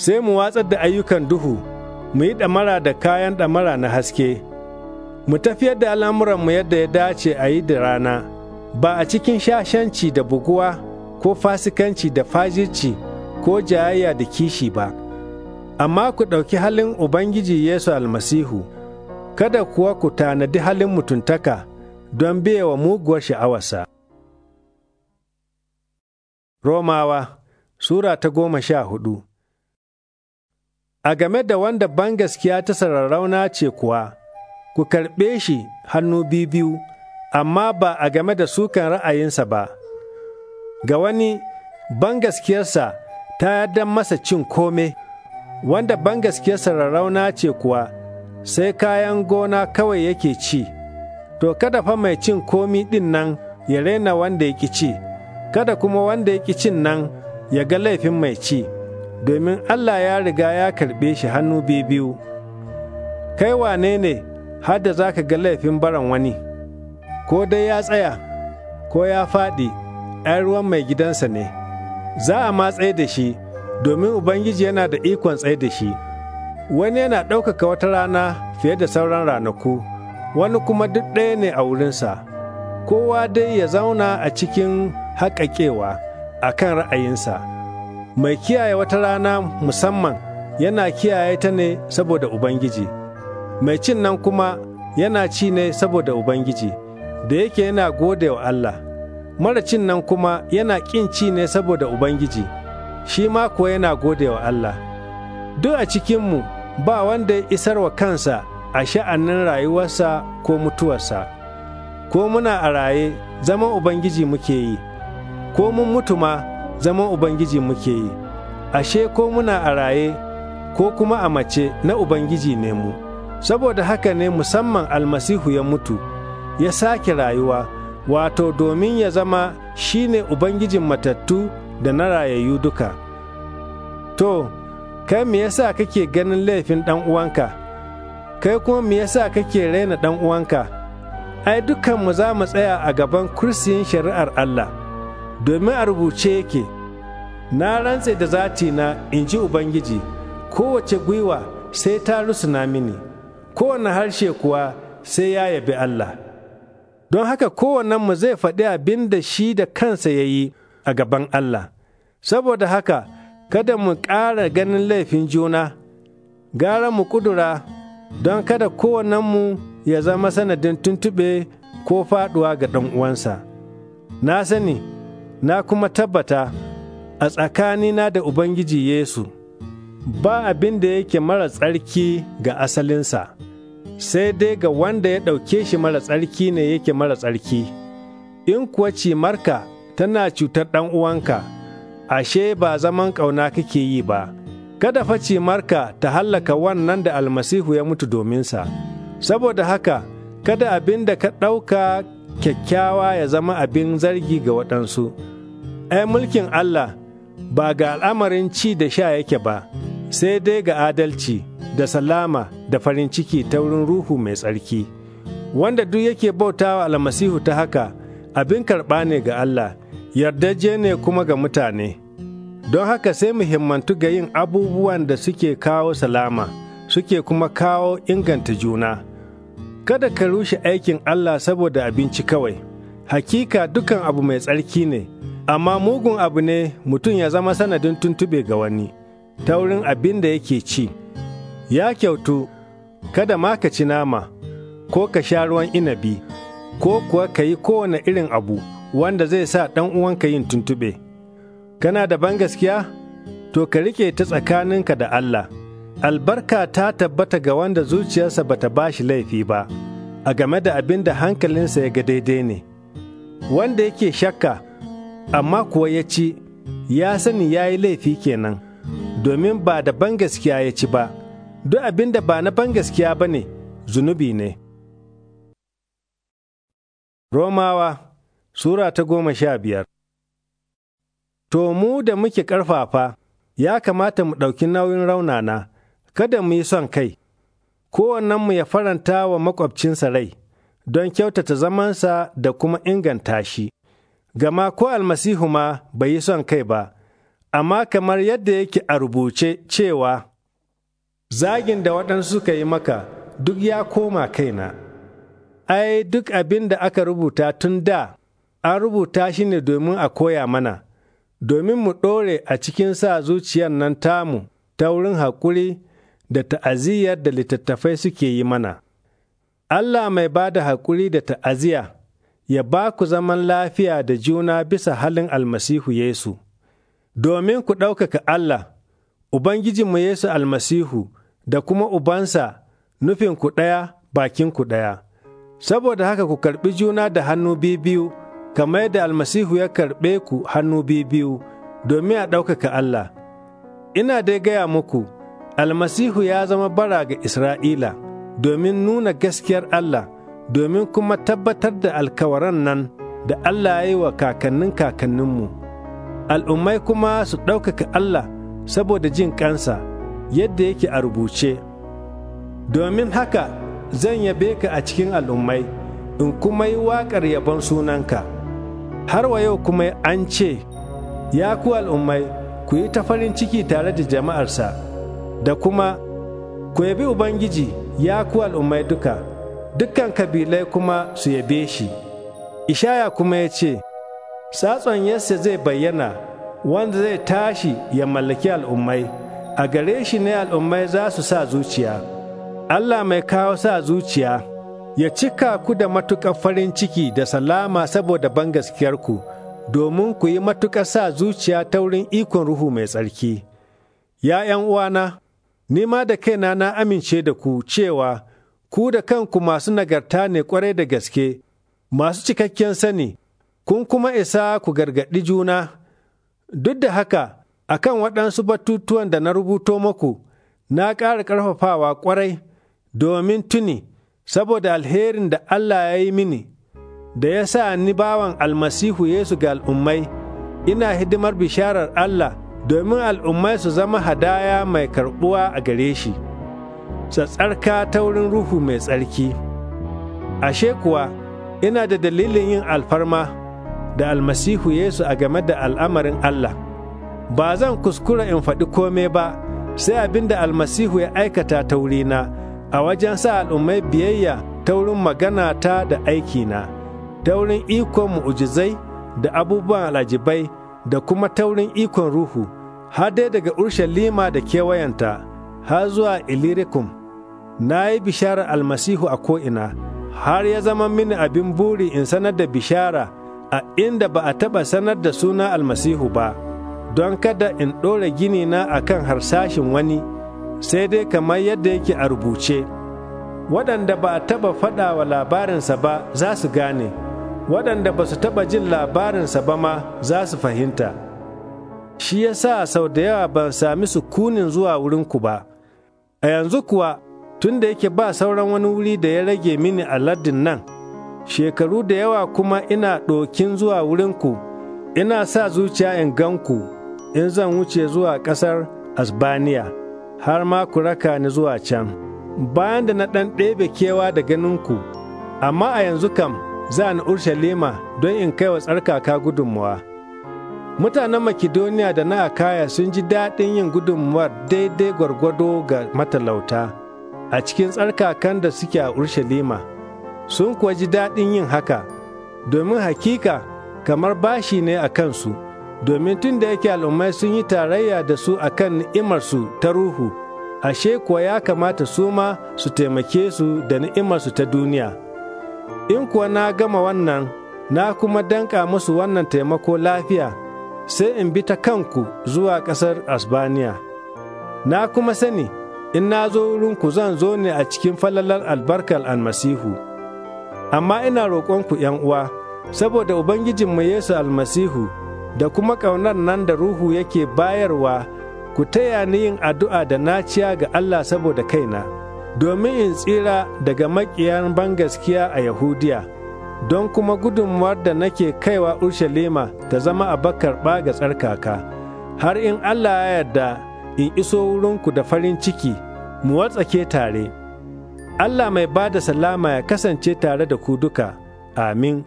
sai mu watsar da ayyukan duhu, mu yi ɗamara da kayan ɗamara na haske, mu tafiyar da al'amuranmu yadda ya dace a yi da rana, ba a cikin shashanci da buguwa. ko fasikanci da fajirci ko jayayya da kishi ba, amma ku ɗauki halin Ubangiji Yesu almasihu, kada kuwa ku tanadi halin mutuntaka don wa muguwar sha'awarsa. Romawa Sura ta goma sha hudu A game da wanda bangaskiya ta sararrauna ce kuwa, ku karɓe shi hannu biyu, amma ba a game da sukan ra'ayinsa ba. ga wani bangaskiyarsa ta yarda masa cin kome wanda bangaskiyarsa rarrauna ce kuwa sai kayan gona kawai yake ci to kada fa mai cin komi ɗin nan ya raina wanda ya ci kada kuma wanda ya cin nan ya ga laifin mai ci domin Allah ya riga ya karɓe shi hannu biyu kai wane ne har za ka ga laifin baran wani ko dai ya tsaya ko ya faɗi ‘yan ruwan mai gidansa ne, za a ma da shi, domin Ubangiji yana da ikon tsaye da shi. Wani yana ɗaukaka wata rana fiye da sauran ranaku, wani kuma duk ɗaya ne a wurinsa, kowa dai ya zauna a cikin haƙaƙewa a kan ra'ayinsa. Mai kiyaye wata rana musamman yana kiyaye ta ne saboda Ubangiji, mai cin nan kuma yana ci ne saboda Ubangiji, da yake yana gode wa Allah. maracin nan kuma yana ƙinci ne saboda Ubangiji, shi ma kuwa yana gode wa Allah. Duk a cikinmu ba wanda ya isar wa kansa a sha'anin rayuwarsa ko mutuwarsa, ko muna a raye zaman Ubangiji muke yi, ko mun mutu ma zaman Ubangiji muke yi, ashe ko muna a raye ko kuma a mace na Ubangiji ne mu, saboda haka ne musamman almasihu ya mutu, ya sake rayuwa. wato domin ya zama shi ne Ubangijin matattu da na rayayyu duka. To, kai me yasa kake ganin laifin ɗan uwanka, kai kuma me yasa kake raina ɗan uwanka, ai dukanmu za mu tsaya a gaban kursiyin shari'ar Allah, domin a rubuce yake, na rantse da zatina in ji Ubangiji, kowace gwiwa sai ta rusuna mini, kowane harshe kuwa sai ya yabi Allah. don haka mu zai faɗi abin da shi da kansa ya yi a gaban Allah. Saboda haka, kada mu ƙara ganin laifin juna, gara mu kudura don kada kowannenmu ya zama sanadin tuntuɓe ko faɗuwa ga ɗan uwansa. Na sani, na kuma tabbata a tsakanina da Ubangiji Yesu, ba abin da yake mara tsarki ga asalinsa. sai dai ga wanda ya ɗauke shi mara tsarki ne yake mara tsarki, in kuwa cimarka tana cutar ɗan uwanka, ashe ba zaman ƙauna kake yi ba, kada fa cimarka ta hallaka wannan da almasihu ya mutu dominsa, saboda haka kada abin da ka ɗauka kyakkyawa ya zama abin zargi ga waɗansu, ai mulkin Allah ba ga al'amarin ci da sha yake ba, sai dai ga adalci da salama. da farin ciki ta wurin Ruhu mai tsarki. Wanda duk yake bautawa almasihu ta haka abin karɓa ne ga Allah, yardaje ne kuma ga mutane. Don haka sai mu himmantu ga yin abubuwan da suke kawo salama, suke kuma kawo inganta juna. Kada ka rushe aikin Allah saboda abinci kawai, hakika dukan abu mai tsarki ne, amma mugun abu ne mutum ya zama sanadin tuntube ga wani, ta wurin abin da yake ci. Ya kyautu kada ma ka ci nama, ko ka sha ruwan inabi, ko kuwa ka yi kowane irin abu wanda zai sa ɗan uwanka yin tuntuɓe. Kana da ban gaskiya? To ka rike ta tsakaninka da Allah. Albarka ta tabbata ga wanda zuciyarsa bata ba shi laifi ba, a game da abin da hankalinsa ya ga daidai ne. Wanda yake shakka, amma kuwa ya ci, ya sani ya yi laifi kenan, domin ba da ban gaskiya ya ci ba. duk abin da ba na bangaskiya ba ne zunubi ne. Romawa Sura ta goma sha biyar To mu da muke ƙarfafa ya kamata mu ɗauki nauyin raunana, kada mu yi son kai, mu ya faranta wa maƙwabcinsa rai, don kyautata zamansa da kuma inganta shi. Gama ko almasihu ma bai yi son kai ba, amma kamar yadda yake a rubuce cewa, zagin da waɗansu suka yi maka duk ya koma kaina, ai, duk abin da aka rubuta tun da an rubuta shi ne domin a koya mana, domin mu ɗore a cikin sa zuciyar nan tamu ta wurin haƙuri da ta'aziyar da littattafai suke yi mana. Allah mai ba da haƙuri da ta'aziya ya ba ku zaman lafiya da juna bisa halin almasihu Yesu, domin ku ɗaukaka Allah, Ubangijinmu Yesu almasihu. da kuma Ubansa nufin ku ɗaya bakin ku ɗaya. Saboda haka ku karɓi juna da hannu biyu kamar yadda almasihu ya karɓe ku hannu biyu domin a ɗaukaka Allah. Ina dai gaya muku, almasihu ya zama bara ga Isra'ila domin nuna gaskiyar Allah, domin kuma tabbatar da alkawaran nan da Allah ya yi wa kakannin kakanninmu. Al'ummai kuma su ɗaukaka Allah saboda jin ƙansa. yadda yake a rubuce domin haka zan yabe ka a cikin al'ummai in kuma yi waƙar yabon sunanka har wa yau kuma an ce ya ku al'ummai ku yi ta farin ciki tare da jama'arsa da kuma ku yabi ubangiji ya ku al'ummai duka dukkan kabilai kuma su yabe shi ishaya kuma ya ce satson yasa zai bayyana wanda zai tashi ya mallaki al'ummai a gare shi ne al'ummai za su sa zuciya Allah mai kawo sa zuciya ya cika ku da matuƙar farin ciki da salama saboda bangaskiyarku domin ku yi matuƙar sa zuciya ta wurin ikon ruhu mai tsarki ya 'yan uwana ni ma da kaina na amince da ku cewa ku da kanku masu nagarta ne kwarai da gaske masu cikakken sani kun kuma isa ku gargaɗi juna duk da haka A kan waɗansu batutuwan da na rubuto muku, na ƙara ƙarfafawa ƙwarai domin tuni saboda alherin da Allah ya yi mini, da ya sa ni bawan almasihu Yesu ga al'ummai, ina hidimar bisharar Allah domin al'ummai su zama hadaya mai karɓuwa a gare shi, tsatsarka ta wurin ruhu mai tsarki. Ashe kuwa, ina da dalilin yin alfarma da almasihu Yesu a game da al'amarin Allah. ba zan kuskura in faɗi kome ba sai abin da almasihu ya aikata ta wurina a wajen sa al'ummai biyayya ta wurin magana ta da aikina ta wurin ikon mu'ujizai da abubuwan alajibai da kuma ta wurin ikon ruhu har dai daga urshalima da kewayenta har zuwa ilirikum na yi bishara almasihu a ko'ina har ya zama mini abin buri in sanar da bishara a inda ba a taɓa sanar da suna almasihu ba. don kada in ɗora gini na a kan harsashin wani sai dai kamar yadda yake a rubuce waɗanda ba a taɓa faɗa wa labarinsa ba za su gane waɗanda ba su taɓa jin labarinsa ba ma za su fahimta shi ya sa sau da yawa ban sami su kunin zuwa wurinku ba a yanzu kuwa tun da yake ba sauran wani wuri da ya rage mini a laddin nan shekaru da yawa kuma ina ɗokin zuwa wurinku ina sa zuciya in ganku in zan wuce zuwa ƙasar Asbaniya, har ma ku raka ni zuwa can, bayan da na ɗan ɗebe kewa da ganinku, amma a yanzu kam za ni Urshalima don in kai wa tsarkaka gudunmuwa. Mutanen Makidoniya da na Akaya sun ji daɗin yin gudunmuwar daidai gwargwado ga matalauta a cikin tsarkakan da suke a Urshalima, sun kuwa ji daɗin yin haka, domin hakika kamar bashi ne a kansu. domin tun da yake al'ummai sun yi tarayya da su a kan ni'imarsu ta ruhu, ashe kuwa ya kamata su ma su taimake su da ni'imarsu ta duniya. In kuwa na gama wannan, na kuma danka musu wannan taimako lafiya, sai in bi ta kanku zuwa ƙasar Asbaniya. Na kuma sani, in na zo wurinku zan zo ne a cikin falalar albarkar almasihu. Amma ina roƙonku uwa, saboda Ubangijinmu Yesu almasihu, da kuma ƙaunar nan da Ruhu yake bayarwa, ku taya ni yin addu'a da naciya ga Allah saboda kaina, domin in tsira daga maƙiyan bangaskiya a Yahudiya, don kuma gudunmuwar da nake kaiwa Urshalima ta zama abakar ga tsarkaka, har in Allah ya yarda in iso wurinku da farin ciki, mu watsake tare. Allah mai ba da salama ya kasance tare da ku duka. Amin.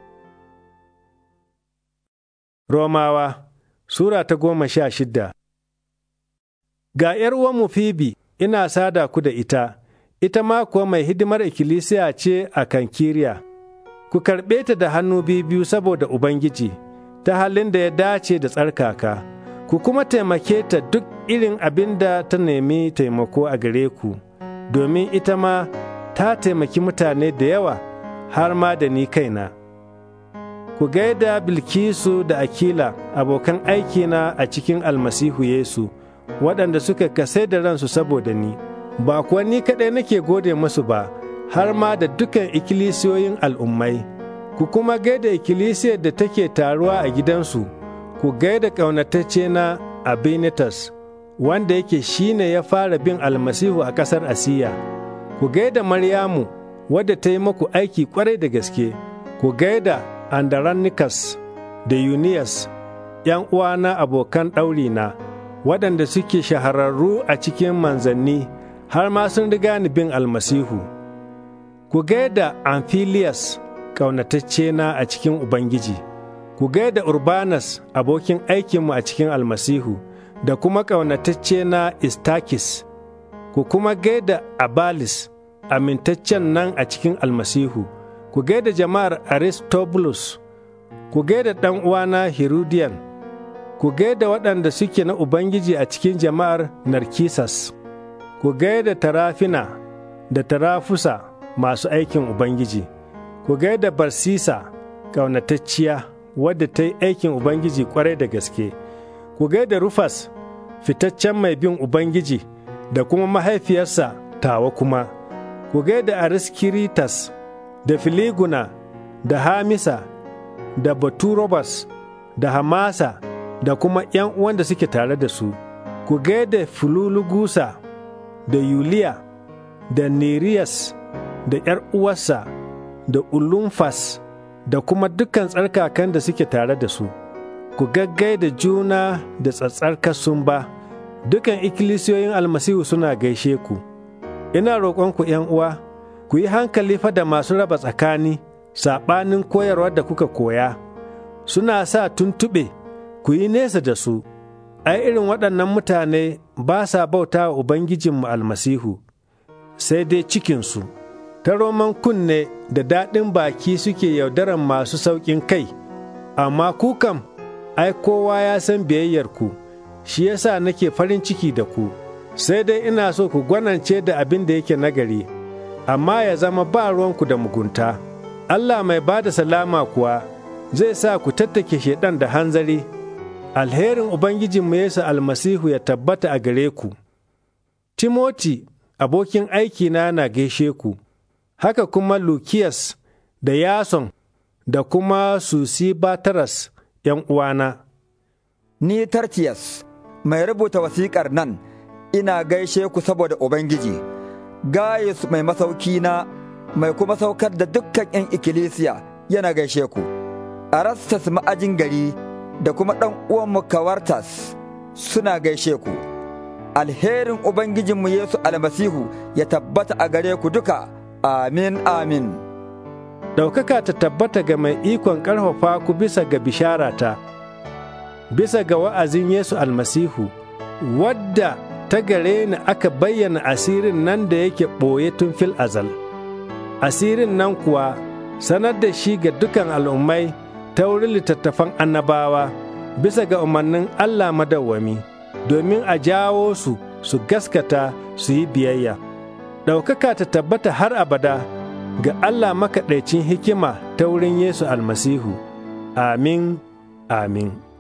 Romawa Sura ta goma sha shida Ga 'yar uwanmu Fibi, ina sada ku da ita, ita ma kuwa mai hidimar ikkilisiya ce a Kankiriya. Ku karɓe ta da hannu biyu saboda Ubangiji, ta halin da ya dace da tsarkaka, ku kuma taimake ta duk irin abin da ta nemi taimako a gare ku, domin ita ma ta taimaki mutane da yawa har ma da ni kaina. ku gaida Bilkisu da Akila abokan aikina a cikin almasihu Yesu, waɗanda suka kasai da ransu saboda ni, ba kuwa ni kaɗai nake gode musu ba, har ma da dukan ikkilisiyoyin al'ummai, ku kuma gaida ikkilisiyar da take taruwa a gidansu, ku gaida ƙaunatacce na Abinitas, wanda yake shine ya fara bin almasihu a ƙasar Asiya, ku gaida Maryamu, wadda ta yi maku aiki kwarai da gaske, ku gaida Andaranikas da Yuniyas, ’yan uwana abokan ɗaurina, waɗanda suke shahararru a cikin manzanni, har ma sun riga ni bin almasihu. Ku gaida Amphilias, ƙaunataccena a cikin Ubangiji, ku gaida Urbanas, abokin aikinmu a cikin almasihu, da kuma ƙaunatacce na Istakis, ku kuma gaida Abalis, amintaccen nan a cikin almasihu. ku gaida jama'ar Aristobulus, ku gaida ɗan uwana Herodian, ku gaida waɗanda suke na Ubangiji a cikin jama'ar Narkisas, ku gaida Tarafina da Tarafusa masu aikin Ubangiji, ku gaida Barsisa ƙaunatacciya wadda ta yi aikin Ubangiji ƙwarai da gaske, ku gaida Rufas fitaccen mai bin Ubangiji da kuma mahaifiyarsa tawa kuma, ku gaida Ariskiritas. da filiguna da hamisa da baturobas da hamasa da kuma ‘yan uwan da suke tare da su, ku da fululugusa da yuliya da neriyas da ‘yar uwarsa da ulumfas da kuma dukkan tsarkakan da suke tare da su, ku da juna da tsatsarkar sun ba, dukan ikkilisiyoyin almasihu suna gaishe ku. Ina 'yan uwa. ku yi hankali fa da masu raba tsakani saɓanin koyarwa da kuka koya, suna sa tuntuɓe ku yi nesa da su, ai irin waɗannan mutane ba sa bauta wa Ubangijinmu almasihu, sai dai cikinsu, ta roman kunne da daɗin baki suke yaudaran masu sauƙin kai, amma ku kam, ai kowa ya san biyayyarku, shi yasa nake farin ciki da ku, sai dai ina so ku gwanance da abin da yake nagari. amma ya zama ba ruwanku da mugunta. Allah mai ba da salama kuwa zai sa ku tattake shaiɗan da hanzari, alherin Ubangijinmu Yesu almasihu ya tabbata a gare ku. Timoti, abokin aikina na gaishe ku, haka kuma Lukiyas da Yason da kuma Susi ’yan uwana. Ni Tartiyas, mai rubuta wasiƙar nan, ina gaishe ku saboda Ubangiji. Gayus mai masauki na mai kuma saukar da dukkan 'yan ikkilisiya yana gaishe ku. Arastas ma'ajin gari da kuma ɗan uwanmu Kawartas suna gaishe ku. Alherin Ubangijinmu Yesu almasihu ya tabbata a gare ku duka, amin amin. Ɗaukaka ta tabbata ga mai ikon ƙarfafa ku bisa ga bisharata, bisa ga wa'azin Yesu almasihu, wadda ta gare ni aka bayyana asirin nan da yake ɓoye tun fil azal. Asirin nan kuwa sanar da shi ga dukan al'ummai ta wurin littattafan annabawa bisa ga umarnin Allah madawwami domin a jawo su su gaskata su yi biyayya. Ɗaukaka ta tabbata har abada ga Allah makaɗaicin hikima ta wurin Yesu almasihu. Amin, amin.